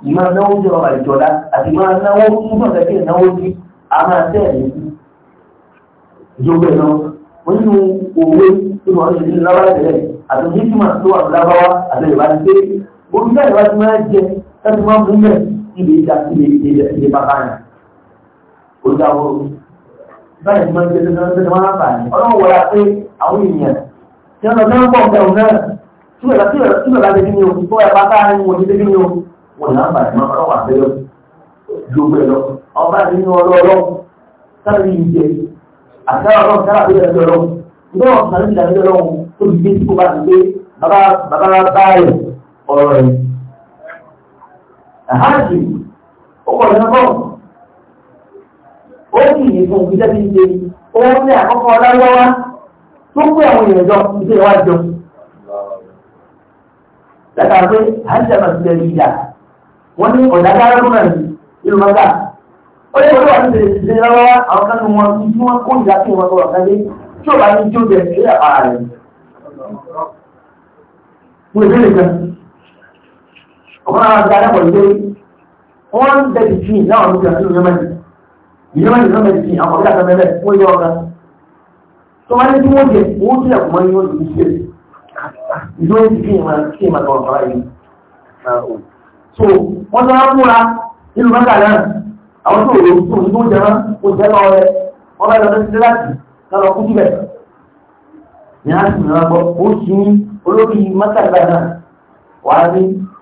ìmá náwó jẹ́ ọmọ ìjọdá àti máa náwó fún ọ̀sẹ̀ kí náwó sí, a máa tẹ́ ẹ̀mí sí. Ìjọba ẹ̀ náà, wọ́n nínú òwe tí wọ́n ṣe ní lábára tẹ̀lẹ̀ àti nígbìmọ̀ tó wà lábáwá àti ìbánisẹ́, orí ẹni máa mú mẹ́ ilé ìjà sí ilé ilé bàbá yẹn ó dáwọ́ báyìí máa ń jẹ́ lọ́nà tó máa ń bà ní ọlọ́run wọ̀ra pé àwọn èèyàn tí wọ́n lọ náà bọ̀ bẹ̀rù náà tí wọ́n tí wọ́n tí wọ́n láti ní o tó ẹ̀ bàbá yẹn wọ́n ti débi ní o wọ́n náà bà ní ọlọ́run wà bẹ́ẹ̀ lọ́gbẹ́ lọ ọba nínú ọlọ́run sáré ìjẹ àti ọlọ́run sáré àbẹ́yẹ lọ́run ìgbọ́ àhájì ó pọ̀ lọ́pọ̀ ó sì yìí fún òbí tẹ́bí ṣe owó ní àkọ́kọ́ ọlọ́lọ́wá tó pé àwọn èèyàn jọ ìṣe wa pé àhájì àbàtìlẹ̀ ìyà wọ́n ní wọ́n kó ìyá ọmọ náà ti adẹ́pọ̀ lé wọ́n ń dẹ́bi tí láwọn ọmọ ìjọba sínú yẹmẹ́ni yẹmẹ́ni ló mẹ́bi tí àwọn ọmọ ìjọba mẹ́bẹ̀ ó yọ ọ̀gá tó máa ní tí wọ́n jẹ owó tí ẹ̀kọ́ máa ń yọ ọdún sí ẹ̀ ìjọ ń fi ìmọ̀ sí ìmọ̀ tó ọ̀rọ̀ yìí so wọ́n tó wá múra nínú mẹ́ta náà àwọn tó rò tó ń tó jẹ náà ó jẹ lọ rẹ wọ́n bá lọ sí láti lọ kú síbẹ̀ ní a sì náà gbọ́ ó sì ní olórí mẹ́ta náà wà á ní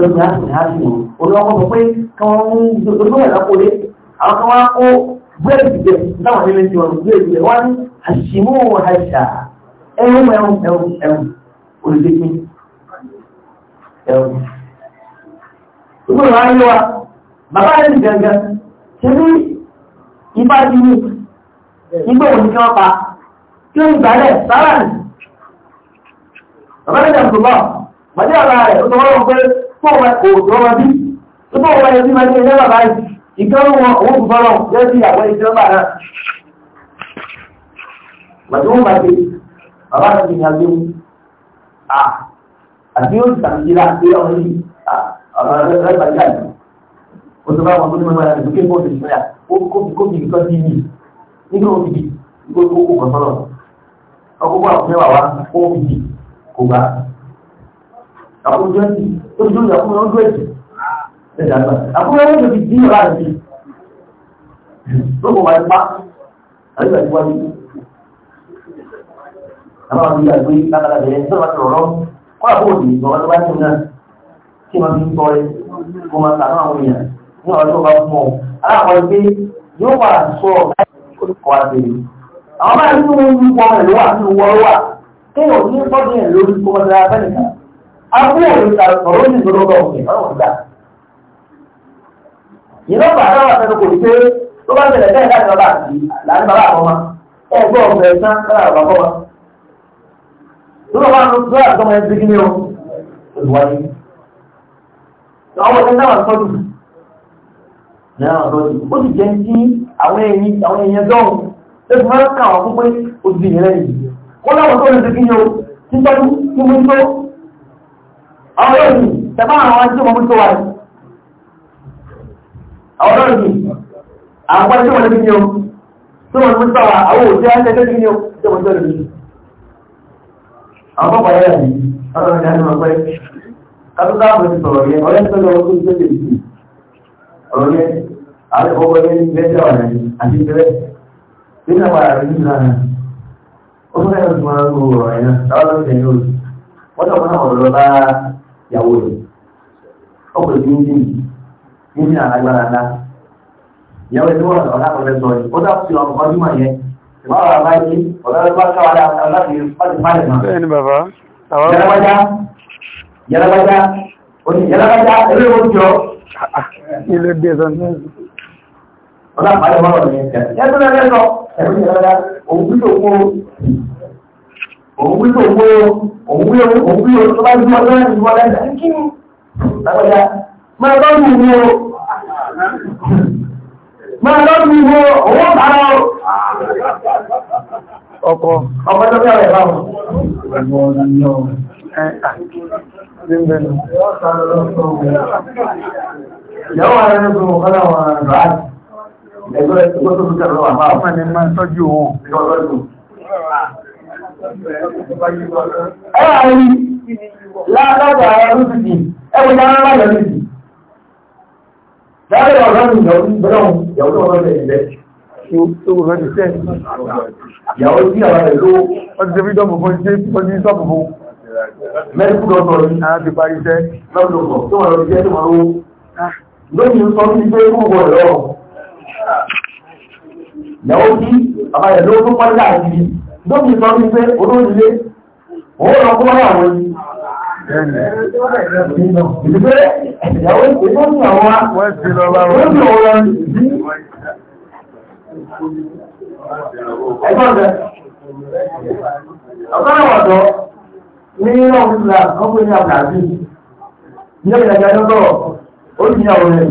lọ́dún láti láti wò olówó sọ pé kí wọ́n ń dojú ẹ̀rọ kólé àwọn kan wá kó búrẹ́dì jẹ láwọn nílé tí wọn búrẹ́dì jẹ wọn ní àṣìmú àṣà ẹ̀rùn ẹ̀rùn ẹ̀rùn ẹ̀rùn olùdókè ẹ̀rùn. ìgbọ́dọ̀ wá ń lọ wa bàbá rẹ̀ ní gangan ṣe ní ibà ti ní igbó òní kí wọ́n pa kí ó ń gbàlẹ̀ sáárà ní. bàbá rẹ̀ dàgbò bọ̀ bàdé àbá ó sọ wọ́n lọ fọwọ́ òòjọ́ wọn bí tó fọwọ́ wọn ẹbí máa ń ní àkójọ ẹ̀sì tó dúró ìyàkúrò ọdún ẹ̀sì ẹ̀dàgbà àkójọ ẹ̀sì ti di ọ̀rá ẹ̀sì lóko wáyé pa àyíká ti wáyé àwọn àbí àgbé lákàtà bẹ̀rẹ̀ tó bá ti rọ̀rọ̀ kọ́ àbó òdì ìgbọ̀n tó bá ti náà kí wọ́n fi ń tọ́ ẹ kó máa sàánú àwọn èèyàn ní ọ̀rọ̀ tó bá fún ọ aláàkọ́ ẹgbẹ́ yóò wà sọ ọ̀gá ìkọ̀ àtẹ̀yìn àwọn máa ń ní wọn ẹ̀ lórí kó wọ́n abubuwan da tsaron ne zuru ba wani ba wanda ni ba ba ta ta ko ce to ba da kai da ba ni la ba ba ma e go be san ba ba ba to ba no ba ga mai zikini o wani to awon da o ti àwọn ẹ̀yin àwọn ẹ̀yin don e ma ka wa ko pe o di ni le ko la wa to le zikini o ti ba ti àwọn òyìn tẹ́bá àwọn ajé wọn tó wà àwọn òyìn àwọn ajé wọn lóbi ni o tó wọn mú sọ́wà àwọn òjò ajé lóbi ni o tó wọn tó lóbi àwọn bọ́pọ̀ yára ní ọlọ́run ní àdúrà pẹ́ kátúkà àwọn ti sọ̀rọ̀ yẹn ọ̀rẹ́ tó lọ tó tó lè fi ọ̀rọ̀ yẹn àwọn ìfọwọ́ yẹn ní lẹ́jọ́ ọ̀rẹ́ àti ìbẹ̀rẹ̀ nínú àwọn àrùn nínú àná ó tún lẹ́yìn tó máa ń lo ọ̀rọ̀ yẹn náà táwọn lọ́sẹ̀ ìyàwó rẹ̀ ọkùnrin tí ń dín ní ní àlágbára ńlá ìyàwó ẹ̀ tí wọ́n ọ̀la kọ̀ọ̀lẹ́ yìí ó dà sí ọmọ ọdún mọ̀ yẹn ìbára bàbá yìí ọ̀la ló bá káwá láti pálẹ̀ náà. bẹ́ẹ̀ ni bàbá. yàrá yàrá yàrá ẹgbẹ́ wo jọ. ilé dé sọ́nù. ọ̀la pàdé mọ́rọ̀ yẹn kẹ́ òun wí tó bá gbé ọjọ́ ìlú ọ̀rẹ́ ni àgbàdá máa bá mi wo máa bá mi wo owó bàrà o. ọkọ ọkọ tó bí ọ̀rẹ́ bá wọn. Ìyàwó ara ẹni tó mọ̀ kọ́lá wọn rà á. Ẹgbẹ́ ẹgbẹ́ tó fi kẹ́rọ Ẹ̀rí látàgbà rúdìdì, ẹwù dáná láyọ̀ rúdìdì. Dáre ọ̀rọ̀ mi yàwó bẹ́rọ̀ yàwó tó wọ́n lẹ̀ ilẹ̀. Tó wọ́n ti sẹ́. Yàwó tí àwọn rẹ̀ ló wọ́n ti ṣe fídọ́ fún fún ṣe fún ní sọ́ọ̀bù fún. Mẹ́rìkú dọ́tọ̀ ní a ti parí iṣẹ́. Lọ́dọ̀ tó wọ́n lọ sí ẹ̀sìn wọn lówó. Lóyún sọ fún pé kó wọ̀ lọ́wọ́. Yàwó tí àwọn rẹ̀ ló tó pọ́n láàrin lókè sọ wípé olóòlìlé owó lọ kó wáyà wọ́n yìí ìdíbé ìyàwó ìpínlẹ̀ òní àwọn wọ́n ti lọ bá wọ́n ní ọ̀rọ̀ yìí ẹgbọ́n rẹ̀ ọ̀gọ́rọ̀ ọ̀dọ́ ní ọ̀gbìnlá ọgbẹ́ ní àbàdí ní ìrìnàjò ayọ́gọ́rọ̀ ó ní ìyàwó rẹ̀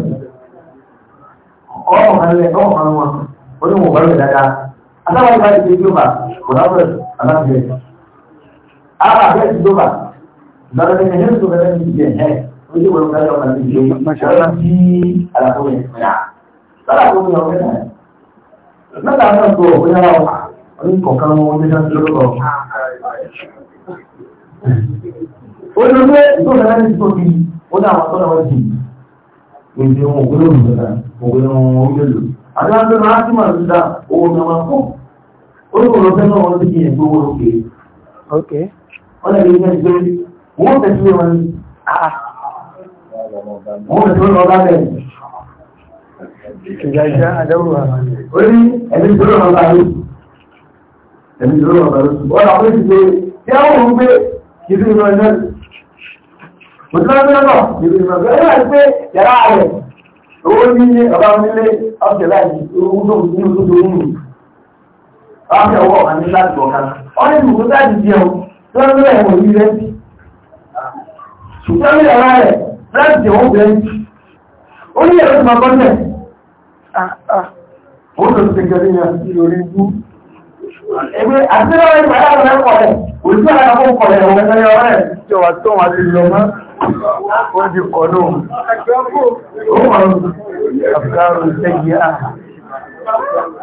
ọ̀hún ọ̀hún wọn ó ní wọn wọ́n rẹ̀ dáadáa kuraburar a nan da a ba su zuba da da ne su da ne ji ne ko ji wannan da wannan ji masha Allah ji ala ko ne ya sala ko ne wannan na da nan ko ko ya wa ni ko kan mo ne da su ko Oye ló ń tó lẹ́yìn tí tó di, ó ní àwọn tó lọ́wọ́ sí. Èdè ohun ògbólóòrùn lọ́dà, ògbólóòrùn orílẹ̀-èdè. Àjọ́ àjọ́ máa ń tí màá ń dá ohun ọmọ fún orúkọ lọ fẹ́ náà wọ́n ti yẹn gbówó lókè. ok. wọ́n lè rí ẹni pé wọ́n fẹ́ sí wọn ní. wọ́n fẹ́ sí wọn lábẹ́. ìdájá adáwọ̀ ó ní ẹ̀mí ìdúró náà bá rí ẹ̀mí ìdúró náà bá rí wọ́n làwọn ti ṣe tí ọ̀sẹ̀ ọwọ́ ọ̀kan ní láti ọ̀kan wọ́n ní ìbùkún sáàdì jẹun lọ́dún ẹ̀wọ̀ yìí rẹ̀ ṣùgbọ́n ní ọ̀rá rẹ̀ láti jẹun bẹ̀rẹ̀ ó ní ẹ̀rọ tí máa bọ́ nílẹ̀ ó lọ sí gẹ̀rẹ́ ní àti lórí ibú ẹgbẹ́ àti lọ́wọ́ ìgbà yára rẹ̀ kọ̀lẹ̀ òjú àrà fún kọ̀lẹ̀ ọ̀rẹ́ mẹ́rin ọ̀rẹ́ tí wà tó wà sí lọ mọ́ wọ́n ti kọ̀ náà ó wà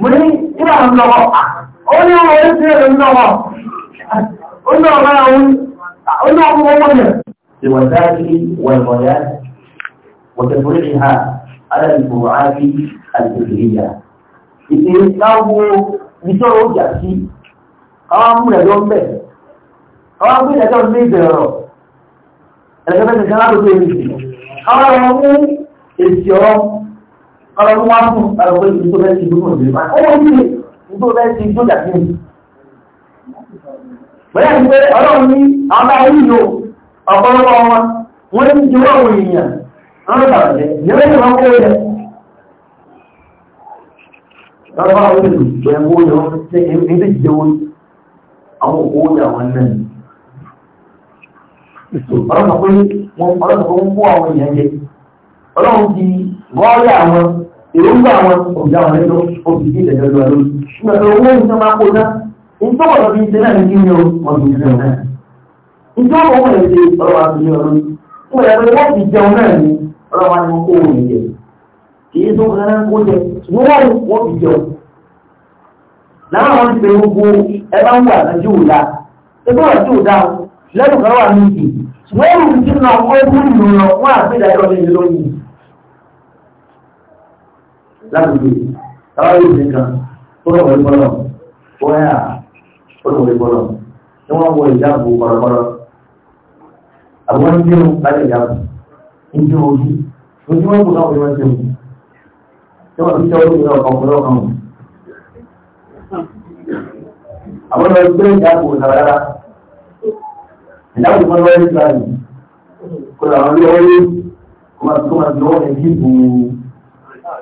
mo ní kíra ń lọ́wọ́ ó ní ọmọ orí sí ẹ̀rọ ń lọ́wọ́ ó ní ọmọ àwọn ó ní ọmọ ọmọ yẹn ìwọ̀dáàbí wọ̀lọ̀yá wọ̀tẹ̀fúrí ha alẹ́lùkùrọ̀ ábí àìsèkèríyà ìpè láwo ìṣòro ó jà sí káwá mú ẹ̀jọ́ ń bẹ̀ káwá mú ẹ̀jọ́ ń bẹ̀ ọ̀rọ̀ ẹ̀jọ́ bẹ́ẹ̀ nìkan ládùúgbò èsì káwá lọ mú èsì ọ̀rọ̀ ọ̀rọ̀ ló wá fún ọ̀rọ̀ pé ìdúró bẹ́ẹ̀ ti dúró lè máa ó wọ́n nílé ìdúró bẹ́ẹ̀ ti dúró dàbí mi. bẹ́ẹ̀ ni pé ọlọ́run ní àwọn bá yìí lò ọ̀pọ̀lọpọ̀ wọn wọ́n ti ju àwọn èèyàn wọ́n lọ bàjẹ́ ìyẹn ló máa ń kó yẹ. lọ́wọ́ àwọn olùgbé ẹ̀wọ́ ni wọ́n ti ṣe ẹgbẹ́ ìjẹun àwọn òkú ni àwọn náà ọlọ́run pé wọ́n ọlọ́run pé wọ́n kó àwọn èèyàn jẹ ọlọ́run ti gọ́ọ́lẹ̀ àwọn èròǹgbà àwọn ọ̀gá wọn lẹ́nu oṣù tí ìdẹ̀jọ́ lọ lórí ṣùgbọ́n owó ìṣe máa kó ná ìtọ́wọ̀lọ́ fi ṣe náà ní kí ni o wọ́n ti ṣe náà ìtọ́wọ̀ owó ẹ̀ ṣe ọlọ́wà tó ní ọlọ́rí wọ́n yẹ pé wọ́n ti jẹun náà ní ọlọ́wà ni wọ́n kó owó ìjẹ kìí tó kọ́ náà kó jẹ ṣùgbọ́n wọ́n ti jẹun láwọn àwọn ti bẹ̀rù gbogbo ẹ bá ń wà lájú òdà ẹgbẹ́ wà sí òdà lẹ́nu kan wà ní ìdì ṣùgbọ́n èrò ti ń láti gbé táwọn yóò nìkan tó lọ wọlé bọ́lọ̀ wáyà ó lọ wọlé bọ́lọ̀ tí wọ́n wọ ìjáàbò bọ̀rọ̀bọ̀rọ̀ àwọn ń dínú láti ìjáàbò ń dín ojú ojú wọn kò náà wọlé wọn ṣeun tí wọ́n fi tẹ́ ojú náà ọkọ̀ lọ́kàn wọn. àwọn lọ gbé ìjáàbò sàrárá ìjáàbò bọ́lọ̀ wọlé gbáyìí kó làwọn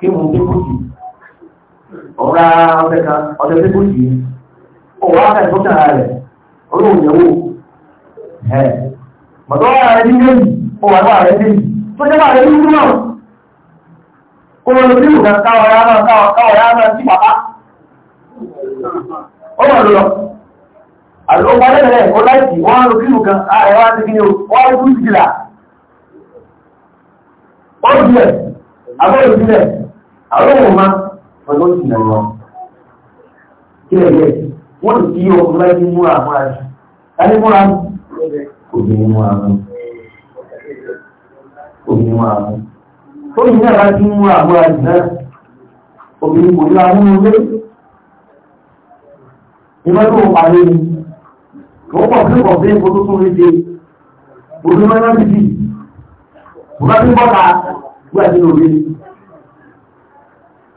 kí mo débùtì ọ̀rá ọ̀fẹ́ kan ọ̀dẹ débùtì ọ̀rá ọ̀fẹ́ tó tẹ̀ra rẹ̀ olóhùn ìyẹ̀wò ẹ̀ mọ̀tọ́ ọ̀rá rẹ̀ ní méjì ó wà rẹ̀ méjì tó jẹ́ bàrẹ̀ ní ìlú náà kó lọ ya náà káwọ̀ náà sí bàbá ó wà lọ àlọ́pàá lẹ́rẹ̀ẹ́ ẹ̀kọ́ láìsí wọ́n á lọ kí ààrẹ wá wọ́n á lọ àrùn ma ọjọ́ ìsìnà lọ kílẹ̀kẹ́ wọ́n ti yí ọkùnrin láti múra múra jù láti múra mú obìnrin múra mú obìnrin múra mú tó yìí náà láti náà obìnrin kò lé wọ́n pọ̀ sí sí tó tún ṣe obìnrin máa ń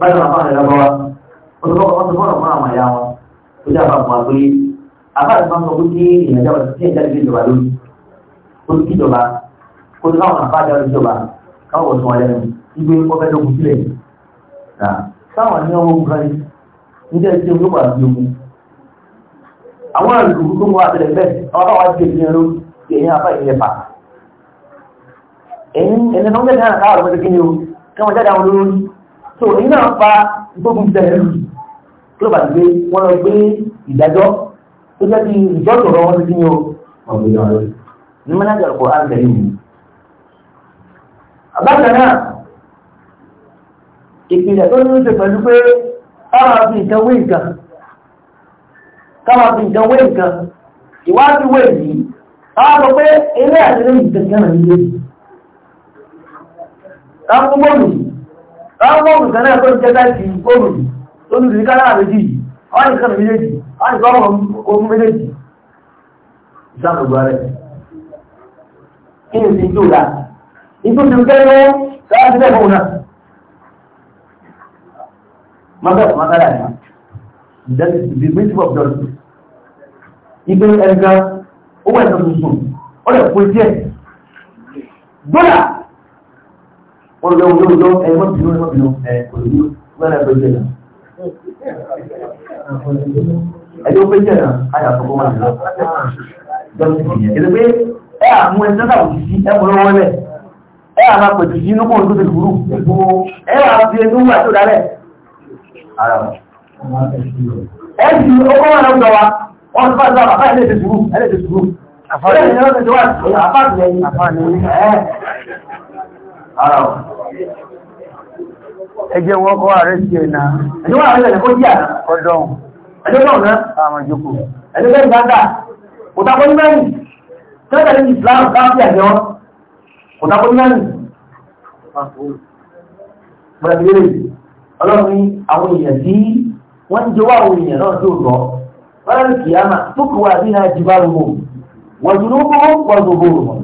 báyìí wọn fáwọn ẹ̀rọ wa wọ́n ti fọ́nà fún àwọn ẹ̀yà wọn tó dábàá fún wa pé àbáyé máa ń sọ pé kí èèyàn jábọ̀ sí ẹ̀já lè jọba lórí kó ní kíjọba kó ní káwọn àbájá lè jọba káwọn wọ̀ sún wọn lẹ́nu ibi ọbẹ̀ tó kù sílẹ̀ táwọn ní ọmọ ogun kan ní jẹ́ ìṣe olóko àti ogun àwọn àlùkò tó ń wá abẹ́rẹ́ bẹ́ẹ̀ àwọn bá wá ló sí èèyàn apá ìyẹn pa ẹ̀yìn ẹ̀yìn tó ń gbẹ̀dẹ̀ náà káwọn ọmọdé kí ni o káwọn jáde àwọn olórí so iná fa gbogbo ìtẹ̀lẹ̀ lù kí ló bá ti gbé wọ́n lọ gbé ìdájọ́ tó jẹ́ ti ìjọ́sọ̀ ọ̀rọ̀ wọn ti kí o ọ̀gbìnrin ọ̀rẹ́ ní mẹ́nájà ọ̀pọ̀ àgbẹ̀ yìí ni. àbákan náà ìpìlẹ̀ tó ní ṣe pẹ̀lú pé káwọn fi nǹkan wé nǹkan káwọn fi nǹkan wé nǹkan ìwádìí wé yìí káwọn sọ pé eré àtẹlẹ́yìn kankan nà nílé. káwọn gbọ́dọ̀ Àwọn ọmọ òṣìṣẹ́ náà na tuntun, Dọ́là wọ́n lọ wọ́n lọ ẹ wọ́n bínú wọ́n bínú ẹ kò ní wọ́n ẹgbẹ́ jẹ̀ náà. ẹjọ́ pé jẹ̀ náà ayà tó kọ́ wà nílọ. èdè pé ẹ àmú ẹni tọ́ta òjijì ẹ mú lọ́wọ́ lẹ̀ ẹ àmà pẹ̀tù sí inú kóhun tó ti burú ẹ àmà fi ẹni wà tó dálẹ̀. ẹ sì ọkọ̀ wà lọ́wọ́ wa wọ́n ti bá a sọ àbá ẹ̀ lè ti sùúrù ẹ̀ lè ti sùúrù. àfáàní ẹ̀ ẹjẹ́ wọ́n kọ́ ààrẹ sí ẹ̀nà ẹjọ́wọ́ ààrẹ lẹ́lẹ́ kó jíà ọdún ẹjọ́wọ́ náà àwọn ìjókò ẹjọ́wọ́ ìgbàgbà òtàkọ́ ní mẹ́rin tẹ́lẹ̀ ní Islam káàkiri àjẹ́ wọn òtàkọ́ ní mẹ́rin bẹ̀rẹ̀ ọlọ́run àwọn èèyàn tí wọ́n ń jọwọ́ àwọn èèyàn náà tó lọ fẹ́rẹ́ kìíyàmà tó kù wà ní àjíbárùn-ún wọ̀dùnúgbò wọ̀dùnúgbò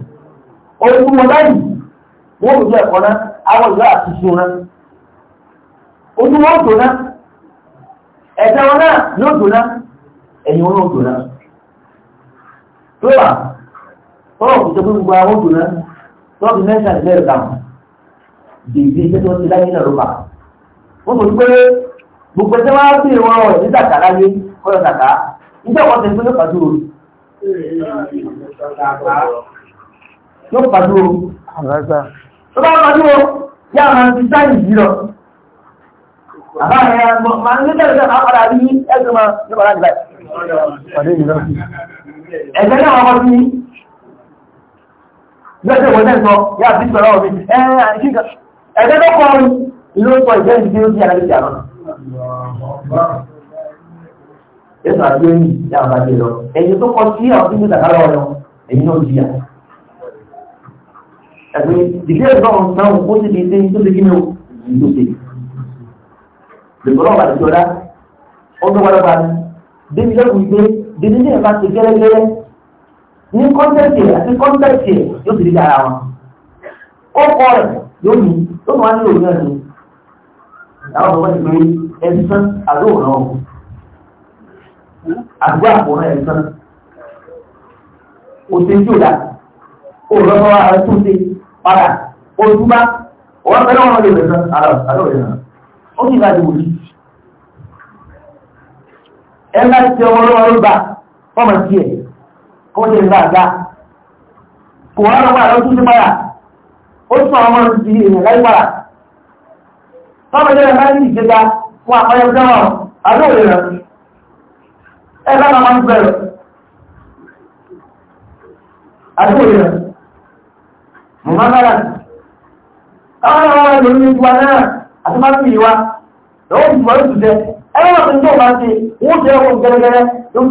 wọ́n rò lẹ́ẹ̀kọ́ náà àwọn ìlú àti sun náà ojú wọn dùn náà ẹ̀jẹ̀ wọn náà yóò dùn náà ẹ̀yìn wọn yóò dùn náà tó wà tọ́wọ́ kò tó gbogbo àwọn dùn náà tọ́wọ́ fi mẹ́ta ìlẹ́ ẹ̀ka dèbí ẹgbẹ́ tó ti láyé náà ló bà wọ́n mọ̀ pé gbogbo ẹgbẹ́ wọn á fi ìwọ ọ̀rọ̀ ní láyé kọ́yọ̀ tàkà nígbà wọn ti gbé tó bá lọ sí o yá máa fi sáyìn yìí lọ àbá rẹ̀ máa ń gbé tẹ̀lé náà padà rí ẹgbẹ́ máa ní padà nígbà pàdé yìí lọ ẹgbẹ́ náà wọ́n sí gbẹ́sẹ̀ wọ́n sẹ́ńsọ yá fi sọ̀rọ̀ ọ̀bí ẹgbẹ́ tó kọ́ ìlú sọ ìjẹ́ ìdíje ó ti àlàyé ìjà náà Yẹ́sọ̀ àti ẹ̀yìn ìjà àbájẹ́ lọ. Ẹ̀yìn tó kọ sí àwọn tí ó tàkà lọ́wọ́ lọ, ẹ̀yìn náà jìyà ẹ̀sìn ìdílé ẹ̀gbọ́n náà ó sì fi ṣe tó ṣe kí ni ó ló ṣe. Bẹ̀rẹ̀ ọ̀bàdì jọ̀dá ó tó wọlé parí. Débi lẹ́kùn gbé débi ní ẹ̀ka ṣe gẹ́lẹ́gẹ́lẹ́ ní kọ́ńtẹ́ẹ̀tì àti kọ́ńtẹ́ẹ̀tì yóò sì dídá ara wọn. Ó kọ́ rẹ̀ lónìí ó máa ń lò ní ẹ̀sìn. Àwọn ọ̀dọ́ ti pé ẹ̀sán àdó òràn ọ̀hún. Àdúgbò àkùnrin ẹ̀sán. Òṣèjú ìdá òràn ọ̀hún padà ojúbá wọ́n fẹ́ lọ́wọ́ lè bẹ̀rẹ̀ àlọ́rẹ̀ náà ó sì bá dìbò yìí ẹ bá ti ọmọ lọ́wọ́ ló bá fọ́mọ sí ẹ̀ kó lè bá gbá kò wá lọ́wọ́ àlọ́ tún sí padà ó sọ ọmọ ti èèyàn láì padà fọ́mọ jẹ́ ẹ̀ka ní ìgbéga fún àpáyọ sẹ́wọ̀n àlọ́rẹ̀ náà ẹ bá máa ń bẹ̀rẹ̀ àlọ́rẹ̀ náà mọ̀mọ́lára àwọn àwọn ọmọ ìlú ìwà náà àti máa fi ìwà lọ́wọ́ ìwà ló tún jẹ ẹgbẹ́ wọn tó máa ṣe wọ́n jẹ́ ọkọ̀ gẹ́gẹ́rẹ́ yóò tòrò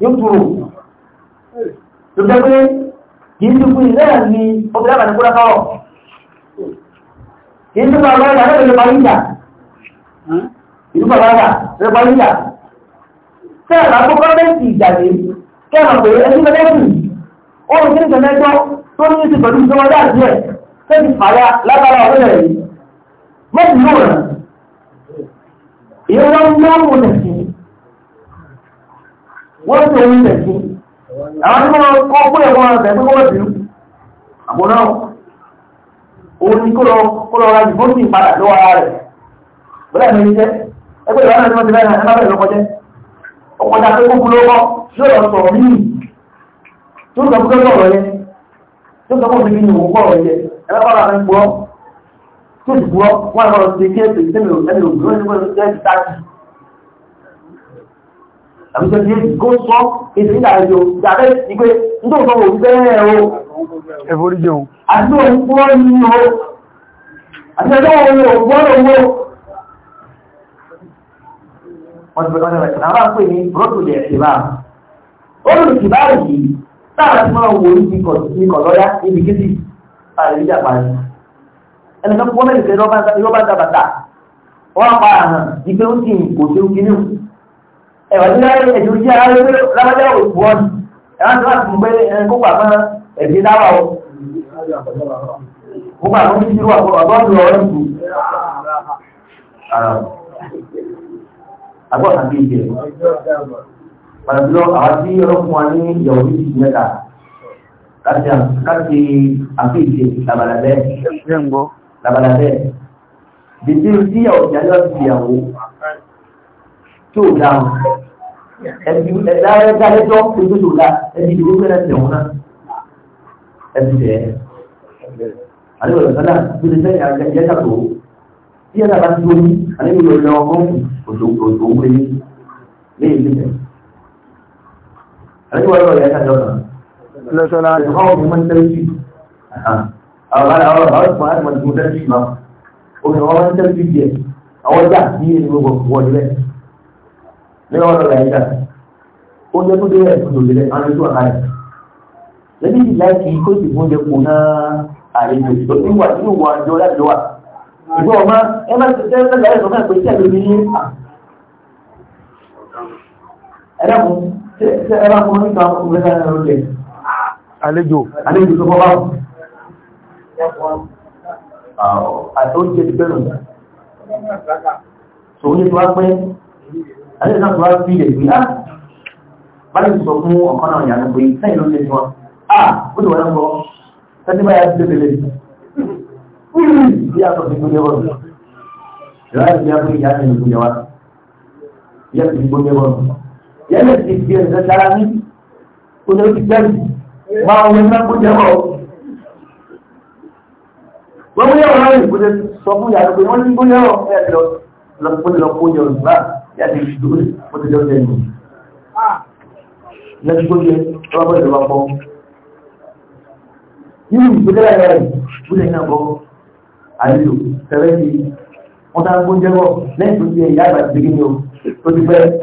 yóò tòrò tó jẹ́ pé kìí ti fún ilé ẹ̀ ní ọkọ̀ lábàá ní kúrẹ́ káwọ̀ kìí ti fún àbáyà náà lè parí ìjà ìlú bàbáyà lè parí ìjà kẹ́ẹ̀ bá kó gọ́ọ̀mẹ́ntì ìjà lé kẹ́ẹ̀ ó ń kí nìkan lẹ́jọ́ tó ní ti pẹ̀lú ìjọba dáàbí ẹ̀ tẹ́tì fàyà lágbára ọ̀rẹ́ rẹ̀ yìí mẹ́tì yóò rẹ̀ ìyẹn wọ́n mú àwọn tẹ̀sí wọ́n ti òun tẹ̀sí àwọn tí wọ́n kọ́ gbọ́dọ̀ wọn tẹ̀sí kọ́ wọ́n ti rú àbúrò òun ni kó lọ ra sí ìpadà lọ́wọ́ ara rẹ̀ bọ́lá ìmọ̀ ẹgbẹ́ ìwádìí náà ẹ má bẹ̀rẹ̀ lọ́kọjẹ́ tó sọ fún kẹ́kọ̀ọ́ rẹ̀ tó sọ fún mi nínú òun kọ́ rẹ̀ yẹ ẹ̀rọ kọ́ rẹ̀ gbọ́ tó sì gbọ́ wọ́n ẹ̀rọ ti kí ẹ̀sìn tẹ́mi ẹ̀mí òbúrò ní wọ́n ti tẹ́ẹ̀tì táàkì àbí tó ti yé kó sọ èsì ìdàrẹ́jọ ìdàrẹ́ ti pé nítorí sọ wò bẹ́ẹ̀ o ẹ̀fọ́rí jẹun àti òun gbọ́ ní o àti ẹjọ́ òun ò gbọ́ lọ́wọ́ wọ́n ti bẹ̀rẹ̀ ọ̀dọ̀ rẹ̀ kìnnà bá ń pè ní rọ́tò lẹ̀ ìbá olùkìbá yìí táwọn ti máa wò ní kọ̀ lọ́yá ibi kéjì àrẹ ìjà parí ẹnìkan fún mẹ́rin pẹ̀lú ọba dábàtà wọ́n pa àhàn ìpé ó ti kò sí ó kínú ẹ̀wà tí láyé ẹ̀jọ́ sí ara rẹ̀ lábájá òkú wọn ẹ̀wà tí wọ́n ti mú pé ẹni kó pàmọ́ ẹ̀dí dáwà o kó pàmọ́ ní ti wà ọgọ́dù ọ̀rẹ́ kù àgbọ̀tàn pàtàkìlọ àwọn tí ọlọ́fún wa ní ìyàwó ní ti mẹ́ta láti àfíìsì labalabẹ́ labalabẹ́ bèbè tí ìyàwó ti àjọ ti ìyàwó tó dáhùn ẹbí ẹ̀dá ẹ̀dá ẹjọ́ tó tó dá ẹbí ìdúró fẹ́rẹ̀ tẹ̀wọ́n náà ẹbí tẹ̀ àlọ́ ìrọ̀sọ́lá tó lè fẹ́rẹ̀ àjẹjẹ́ sàtò tí ẹ̀dá bá ti wọ́n ní àlẹ́ ìrọ̀lẹ́ ọkọ̀ òṣòwò ní ilé ìgbésẹ̀. Alikuwa leo ya kadona. La sala. Hao ni mantaji. Aha. Awal awal awal kwa hadi mantaji ma. Oke wa mantaji je. Awal da ni ni go go le. Ni wa la ida. O je tu de tu le an tu ala. Jadi bila kiko ti mo je kuna ale ni to ni wa ni wa jo la jo wa. Ìgbọ́ ọmọ ẹ máa ń ṣe ẹ̀rọ mọ́ nípa ọmọdé ẹ̀rọ jẹ. Àlejò. Àlejò tó bọ́ bá wọn. Oúnjẹ ti bẹ̀rẹ̀ nù. Sòwúnjẹ tó wá pẹ́, àlejò náà tó wá fi ilẹ̀ gbé á. Ah! Báyìí sọ fún ọ̀kan náà yàrá pé sẹ́yìn ló ń ṣe tiwọn. À ah! ó lè wọ́n lọ́wọ́. Tẹ́tí báyà ti bẹ̀rẹ̀ lè. Bí a sọ fún ìgbóni ẹ̀rọ rẹ̀. Ìrọ̀lẹ́ ìgbéyàwó ìyá ni ìgbóni ẹ̀rọ. Ìyá ti ìgbóni ẹ̀rọ rẹ̀ yẹn lè ti di ẹ̀sẹ̀ sára ní oṣù tó ti jẹ́rù máa wọ iná kó jẹ́ wọ̀. wọ́n mú yẹ̀wò náà ìbò lè sọ fún yàrá pé wọ́n ní kó yẹ̀wò ẹ̀ lọ lọ kó lọ kó yẹ̀wò nígbà yàtí ìdúró ó ti jẹ́ ọ̀sẹ̀ nù. lẹ́yìn tó yẹ ọba bọ́ ìjọba pọ̀. nínú ìgbésẹ̀ yàrá rẹ̀ ìbúlẹ̀ náà bọ́ àlejò tẹ̀lé ti wọ́n tá a kó jẹ́wọ́ lẹ́yìn tó ti yẹ ìyá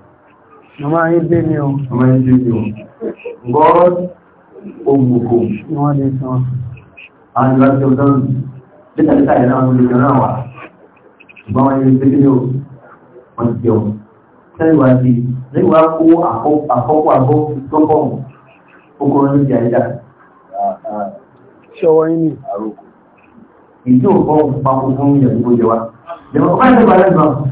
ọmọ ayé dé ní o ọmọ ayé dé ní o God ogbogbo ni wọ́n lè sọ àwọn ìlú àti ọjọ́ nígbà nígbà yẹn náà lè jọra wà ṣùgbọ́n wọ́n yẹ dé ní o wọ́n ti jẹun sẹ́yìn wá sí lẹ́yìn wá kó àkọ́kọ́ àbọ̀ tó pọ̀ ó kọ́ ní ìjà ìjà ṣọwọ́ yín ni ìjọ òkọ́ pa gbogbo ìyàgbó jẹ wa jẹ́ wọ́n bá ń tẹ́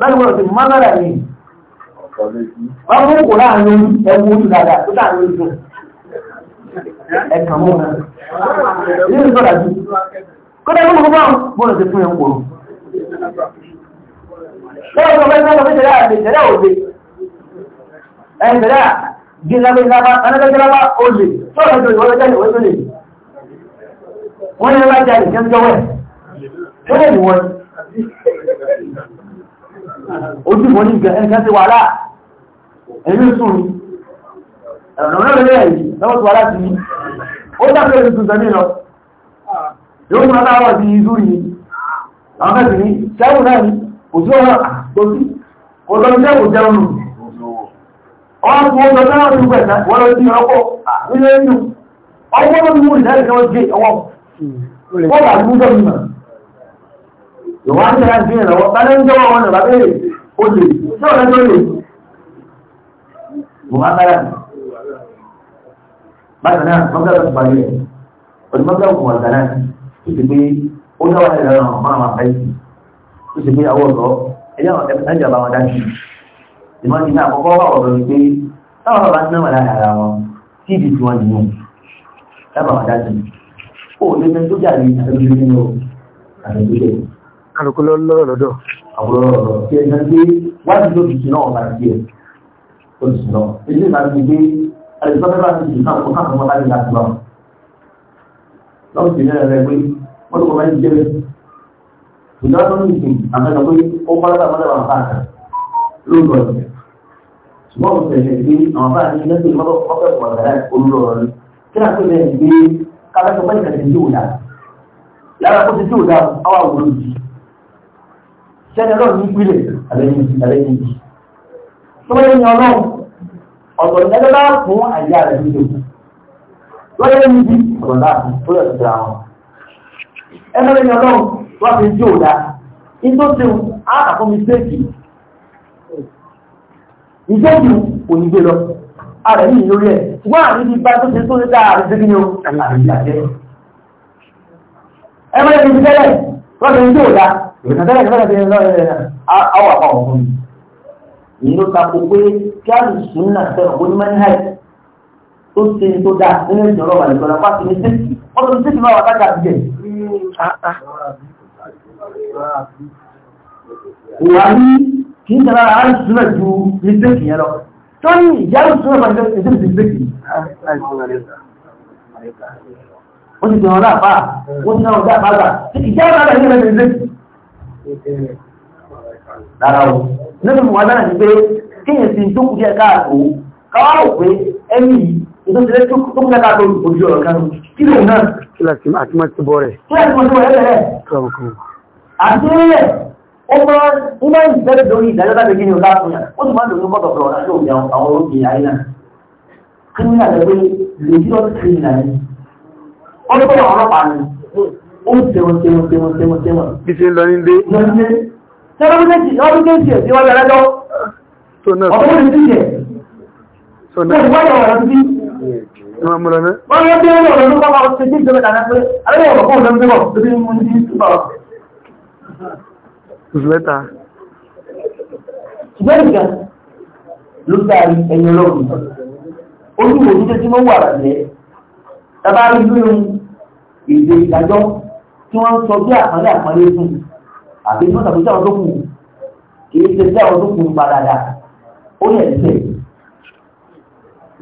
láti wọ́n ti máa lára ní wọ́n kò láàrin ẹwú ojú dada tó láàrin ojú ẹ̀kàn mú náà ní ìsọ́dà jù kọ́dá ní gbogbo bọ́ọ̀lù ti fún wọ́n wọ́n ojú mọ́ ní ìgbẹ̀ ẹnìkan ti wàhálà ẹ̀mí sùn ní ẹ̀rọ náà lè yìí lọ́wọ́ ti wàhálà sí ní ó dákẹ́ ẹ̀mí sùn sẹ́mí lọ yóò tún lára wà sí ìzú yìí àwọn fẹ́sì ní sẹ́wù náà ní kò sí ọ̀rọ̀ àgbòsí kò lọ sí ẹ̀kọ́ jẹun nù ọ̀rọ̀ tó ń lọ náà ní gbẹ̀ta wọ́n lọ sí ọkọ̀ nílé nù ọwọ́ ìwọ́n á tẹ́lá sí ìrànwọ́ tálẹ́ ń jẹ́wọ́ wọn lọ́ba bẹ́ẹ̀ ó lè tí ọ̀rẹ́ tó lè wọ́n á kára bákan náà mọ́gá lọ́sùn balẹ̀ rẹ̀ ọdún mọ́gá òkú wà gánà tó ti pé ó dáwà ẹ̀rọ náà máa máa fẹ́ sí tó ti pé àwọn ọ̀dọ́ ẹ̀yà ẹ̀jẹ̀ bá wọn dájú ìmọ̀ ní àkọ́kọ́ wà ọ̀dọ́ ni pé táwọn bàbá ń náwà lára ara wọn tí ìdí tí wọ́n nìyẹn lábàá wọn dájú ó lé fẹ́ sójà alùkú lọ́rọ̀ lọ́dọ̀. àwọn ọ̀rọ̀ tí ẹ̀yà gbé wájú tó fi ṣìnà ọ̀la sí ẹ̀ ó ti ṣìnà ilé ìlànà ti gbé alùpàdé láti náà fún káàkiri láti láti lọ. lọ́wọ́ sí ilé rẹ̀ pé wọ́n tó kọ́ láti jẹ́ ìjọba tó ní ìsìn àmẹ́ta pé ó bá lábàá mọ́tàbà káàkiri lóògbọ̀ ẹ̀ ṣùgbọ́n mo tẹ̀lé pé àwọn bá ní sẹ́ni ọlọ́run ní ìpìlẹ̀ àlẹ́yìn ìjì tó bá yẹn ọlọ́run ọ̀tọ̀ ìdájọ́ bá fún àyè àrẹ nílò lọ́yẹ́ ní bí ọ̀rọ̀ náà tó yẹ̀ síra wọn ẹgbẹ́ lẹ́yìn ọlọ́run wá fi jí òdá in tó ṣe á àkọ́ mi séèkì ìjọ́jú kò ní gbé lọ ààrẹ yìí lórí ẹ̀ ṣùgbọ́n àrí bí bá tó ṣe tó lé dáa àrí sí ní o ẹgbẹ́ lẹ́yìn ọlọ́run wá fi jí òdá ìrìnàtẹ́lẹ̀ ìfẹ́lẹ̀ ti lọ ẹ̀ àwọ̀ àpá ọ̀hún ni èyí ló ta kó pé kí àlùsùn náà sẹ́wọ̀n kó ní mẹ́nìhàì tó ṣe ní tó dáa nínú ìjọ ọlọ́wà lè gbọ́dọ̀ pàṣẹ ní sẹ́kì wọ́n tó ní sẹ́kì máa wà kájà àbíjẹ̀. ìwà ní kì í sẹ́ra àlùsùn náà ju ní sẹ́kì yẹn lọ tó ní ìyá àlùsùn náà máa ń sẹ́kì sẹ́kì. ó ti jẹun láàbà ó ti náà ó dá àbá rárá o nínú mọ̀ adára ti pé kíyàn sí tó kù díẹ̀ káàkó káwàá pé ẹni ìtò sílẹ̀ tó kù díẹ̀ káàkó ojú ọ̀rọ̀ kan kí lè náà kí láti àti máa ti bọ́ rẹ̀ kí láti máa ti bọ́ rẹ̀ lẹ́rẹ̀ àti rẹ̀ ó máa ń máa ń bẹ̀rẹ̀ lórí ìdájọ́ láti kí ni ọ̀la fún yà ó sì máa ń lòyún bọ́tọ̀ fún ọ̀la tó ó tẹ̀wọ̀n tẹ̀wọ̀n tẹ̀wọ̀n tẹ̀wọ̀n tẹ̀wọ̀n. bí ṣe ń lọ nílé. sọ́dọ̀ bí kéjì ọdún kéjì ẹ̀ tí wọ́n yà lẹ́jọ́. ọ̀pọ̀ ní ti jẹ̀. sọ́dọ̀ bí wọ́n yà wà lọ́dún sí. wọ́n mú lọ náà. wọ́n yẹ kí wọ́n yà lọ́dún kọ́kọ́ ṣe kí ìjọba dáná pé alẹ́ yà wọ̀ fún ọ̀dọ́ nígbà tó bí mo ní túbà. ìfúlẹ́ta. ṣùgbọ́n rí lóyún èdè ìdájọ́ tí wọ́n ń sọ bí àpọ́nlé àpọ́nlé fún un àbí tí wọ́n tàbí sáwọn tó kù kì í ṣe sáwọn tó kù nípa dáadáa ó yẹ ẹ̀sẹ̀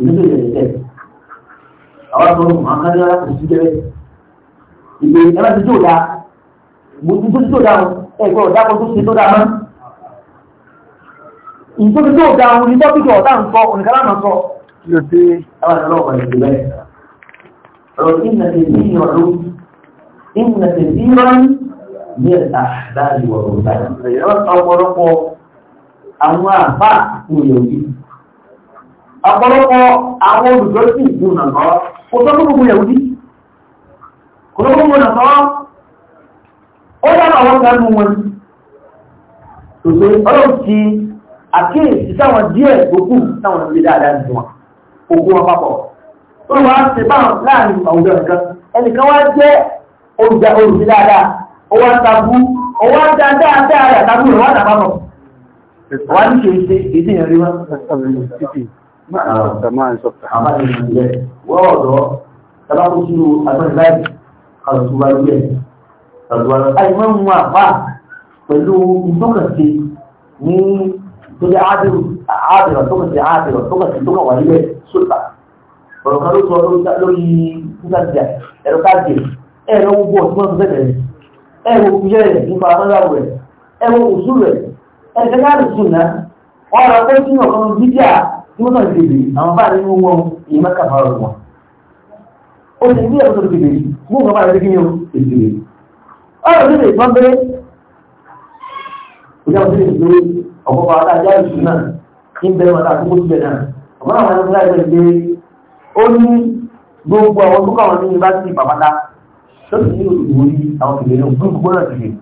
èyí tó yẹ ẹ̀sẹ̀ àwọn àtọ́nù àkàndé ara kò sí jẹ́rẹ́ ìgbè ẹ̀rọ ti dòdà mo ti tó ti dòdà o ẹ̀ gbọ́dọ̀ dákọ̀ tó ṣe tó dá mọ́ ìtòkè tó dá òun ní tọ́pìkì ọ̀tá ń sọ òǹkàrà máa sọ kí ló dé àwọn àtọ́nù ọ̀pọ̀ ìgbè bẹ́ẹ̀ ọ̀rọ̀ إن كثيرا من الأحباب والرهبان ọ̀pọ̀lọpọ̀ àwọn àbá ìròyìn ọ̀pọ̀lọpọ̀ àwọn olùdókì ìgbóhùn àgbọ́ kò tó gbogbo yẹ̀wùdí kò tó gbogbo nàgbọ́ ó yàbà wọ́n tánú wọn tó pé ọlọ́run ti àkíyèsí sáwọn díẹ̀ sáwọn ilé dáadáa wọn òkú wọn papọ̀ ó wọ́n á ti báwọn láàrin àwùjọ ẹnìkan wá jẹ́ ó jẹ olùsí dáadáa ó wá ń tabú ó wá ń dáadáa dáadáa tabú rẹ̀ wá dàbà bọ̀ wá ní ṣe ṣe èdè yẹn rí wá. wọ́n ọ̀dọ́ tabakú sí agbẹ́ni báyìí kàlùsù wa lóye kàlùsù wa lóye. àyè máa ń mú àpá pẹ̀lú ìtọ́kàsí ní tó jẹ́ àádìrọ̀ tókàsí àádìrọ̀ tókàsí tókà wà nílẹ̀ sóta ọ̀rọ̀ kan ló sọ lórí nígbà tí ẹ̀rọ káàkiri ẹ̀rọ gbogbo ọ̀tún ọ̀tún bẹ̀rẹ̀ rẹ̀ ẹ̀rọ òkúyẹ́ rẹ̀ nípa amọ́láwọ̀ rẹ̀ ẹ̀rọ òsú rẹ̀ ẹ̀ẹ́dẹ́gbẹ́ àdùsùn náà wọ́n lọ pé kí ọ̀kan tí wọ́n gbèbè àwọn bá wọn èyí mẹ́ka wọn. ó ti ní ẹ̀rọ tó gbèbè mú bá rẹ̀ kí ni ó rẹ̀. bẹ́rẹ̀ tó ọ̀pọ̀ ṣọ́tù ní ìwòrí àwọn kìlẹ̀ ní gbogbo náà kìlẹ̀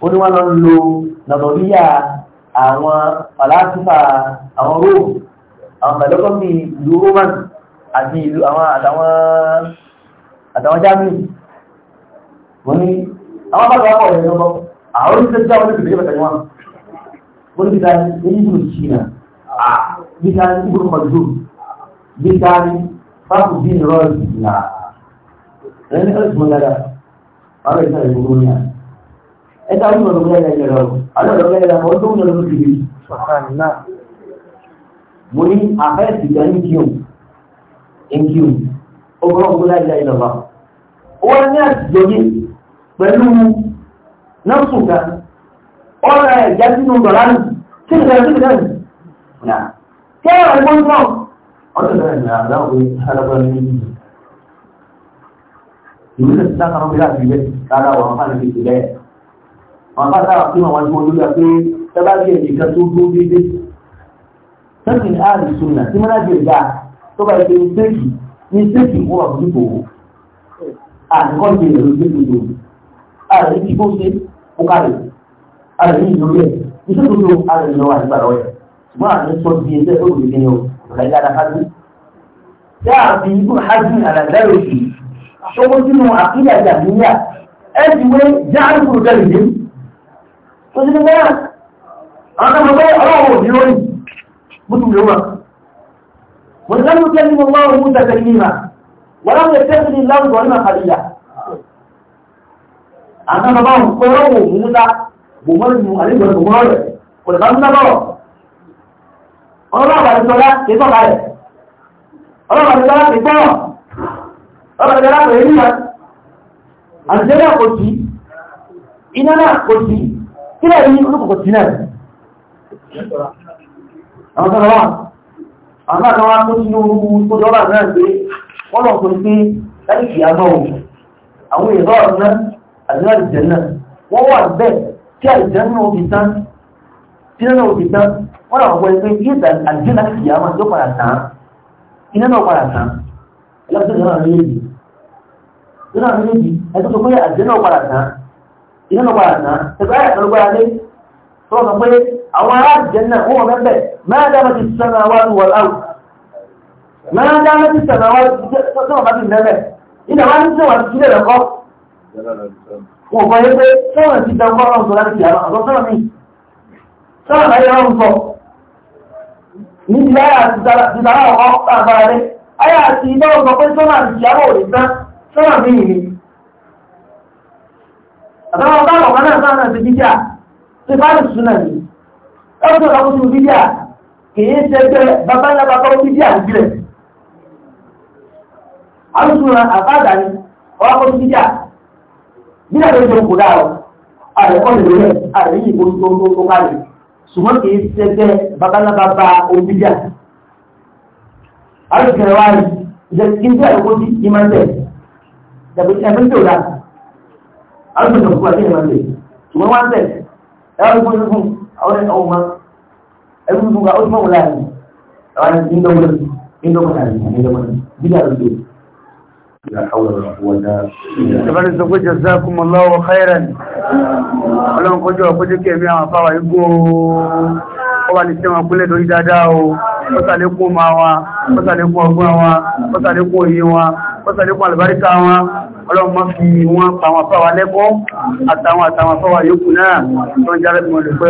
ó ní wọ́n lọ ń lo nàbọ̀ríyà àwọn fàlásífà àwọn róòmù àwọn pẹ̀lọ́kọ́mì ìlú roman àti ìlú àwọn àtàwọn germany wọ́n ní àwọn bá gbọ́ ọ̀rẹ́ lọ́wọ́ àwọn oníṣẹ́ tí àwọn oníṣẹ́ pẹ̀lú wọn wọ́n ní bíta ní ìlú china bíta ní ìgbòkọ̀dù bíta ní fáfù bí ìrọ̀lù náà ẹni ọ̀sùn mọ́ dáadáa ọ̀rọ̀ ìsàn ìgbogbo ní à ẹ̀ta ọdún ọdún mẹ́rin ẹ̀yẹ rẹ̀ alọ́dọ̀ mẹ́rin ẹ̀yẹ ọdún ọdún ọdún kìí mo ní àfẹ́ẹ̀sì gan ní kíùn ní kíùn ọgbọ́n ọgbọ́n láì láì lọ́wọ́ owó ní àtijọ́yé pẹ̀lú nọ́ọ̀sùnká ọ̀rọ̀ ẹ̀já sínú dọ̀lánù kí ni ẹ̀rọ síbi náà kí ẹ̀rọ ìgbóhùn náà ọ̀dọ̀ mẹ́rin ẹ̀yẹ ìwé náà ti dá kan bíi láti ilẹ̀ rárá wọn fáwọn ìdí ìlẹ̀ wọn bá sára fún àwọn tí wọn lórí pé tẹ́lá bí ẹ̀jẹ̀ kan tó dúró dédé sẹ́kìn áàrì sunna tí mọ́nà jẹ̀ dá tó bá ṣe ṣéèkì ní ṣéèkì fún àbújúkò àdìkọ́ ṣe èrò ṣe tó dòdò ààrẹ ti kó ṣe kó kárẹ̀ ààrẹ ní ìlú rẹ̀ iṣẹ́ tó dòdò ààrẹ ní lọ́wọ́ àdìgbà lọ́wọ́ ẹ̀ ṣùgbọ́n ṣogbo sínú àkílẹ̀ ìjàdúnyà ẹ̀sì wé jáàrùkù tẹ̀lé yìí tó sí nígbà àwọn ọmọ bẹ́ẹ̀ ọlọ́wọ́ òbí lórí mútu ló wà wọ́n sáré wípé nínú máa ń múta tẹ̀lé yìí náà wọ́n láwọn ẹ̀sẹ̀ sí ní láwùjọ ní àkàlìyà àwọn ọmọ bá ń pẹ́ ọlọ́wọ́ òmúta bòmọ́lù àlejò bòmọ́lù kò ọ̀rọ̀ ìdára pẹ̀lú níyà àjẹ́rẹ́ kò sí iná náà kò sí kí lẹ́ rí olùkọ̀kọ̀ sí náà àwọn kan wá àwọn kan wá tó sínú orúkú tó dọ́bà náà pé wọ́n lọ pẹ̀lú pé láì kìí àmọ́ òun àwọn èrò ọ̀nà àjẹ́rẹ́ ìjẹ́ náà wọ́n wà bẹ́ẹ̀ tí àìjẹ́ nínú àwọn méjì ẹ̀tọ́ sọ pé àjẹ́ náà padà tán náà ẹgbẹ́ àyàtọ̀ lé tó pé àwọn ará wọ́n wọ́n bẹ́ẹ̀ máa dáná ní wọ́n ti sọ́rọ̀ mí ni àtàwọn bá ọ̀kan náà sáà náà ti tí bá lè súnà ní ọdún ọdún tó bíjà kìí ṣẹgbẹ́ bàbá ńlá bàbá ó bíjà ìbílẹ̀ alùsùnà àfáàdà ṣùgbọ́n kìí ṣẹgbẹ́ bàbá ńlá bàbá ó bíjà alùsùnà ìjẹ́ kí n jẹ́ sí ìmọ̀ ẹ̀fẹ́ tí ò dá àwọn ìgbésẹ̀ òkú àti ìrìnàjò ṣùgbọ́n wá ń tẹ̀ ẹ̀rọ ìgbó ní fún àwọn ẹ̀kọ́ ma ẹ̀rọ ìgbó ga ó ti mọ̀wọ́ láàrin àwọn ìdókòlò ìdókòlò àti ìdókòlò bíi àrùjọ. Ìjọba ti sọ pé jazakumullahu khairan. Ọlọ́run kọjú ọ̀pọ̀jọ́ kí ẹ̀mí àwọn afáwà igbó ó wà ní sẹ́wọ̀n kúlẹ̀ lórí dáadáa o mọ́sàlékún ma wọn mọ́sàlékún ọgbọ́n wọn mọ́sàlékún òye wọn mọ́sàlékún àlùbáríkà wa, ọlọ́run má fi wọn pàwọn fáwà lẹ́kọ́ àtàwọn àtàwọn fáwà yókù náà tó ń járẹ́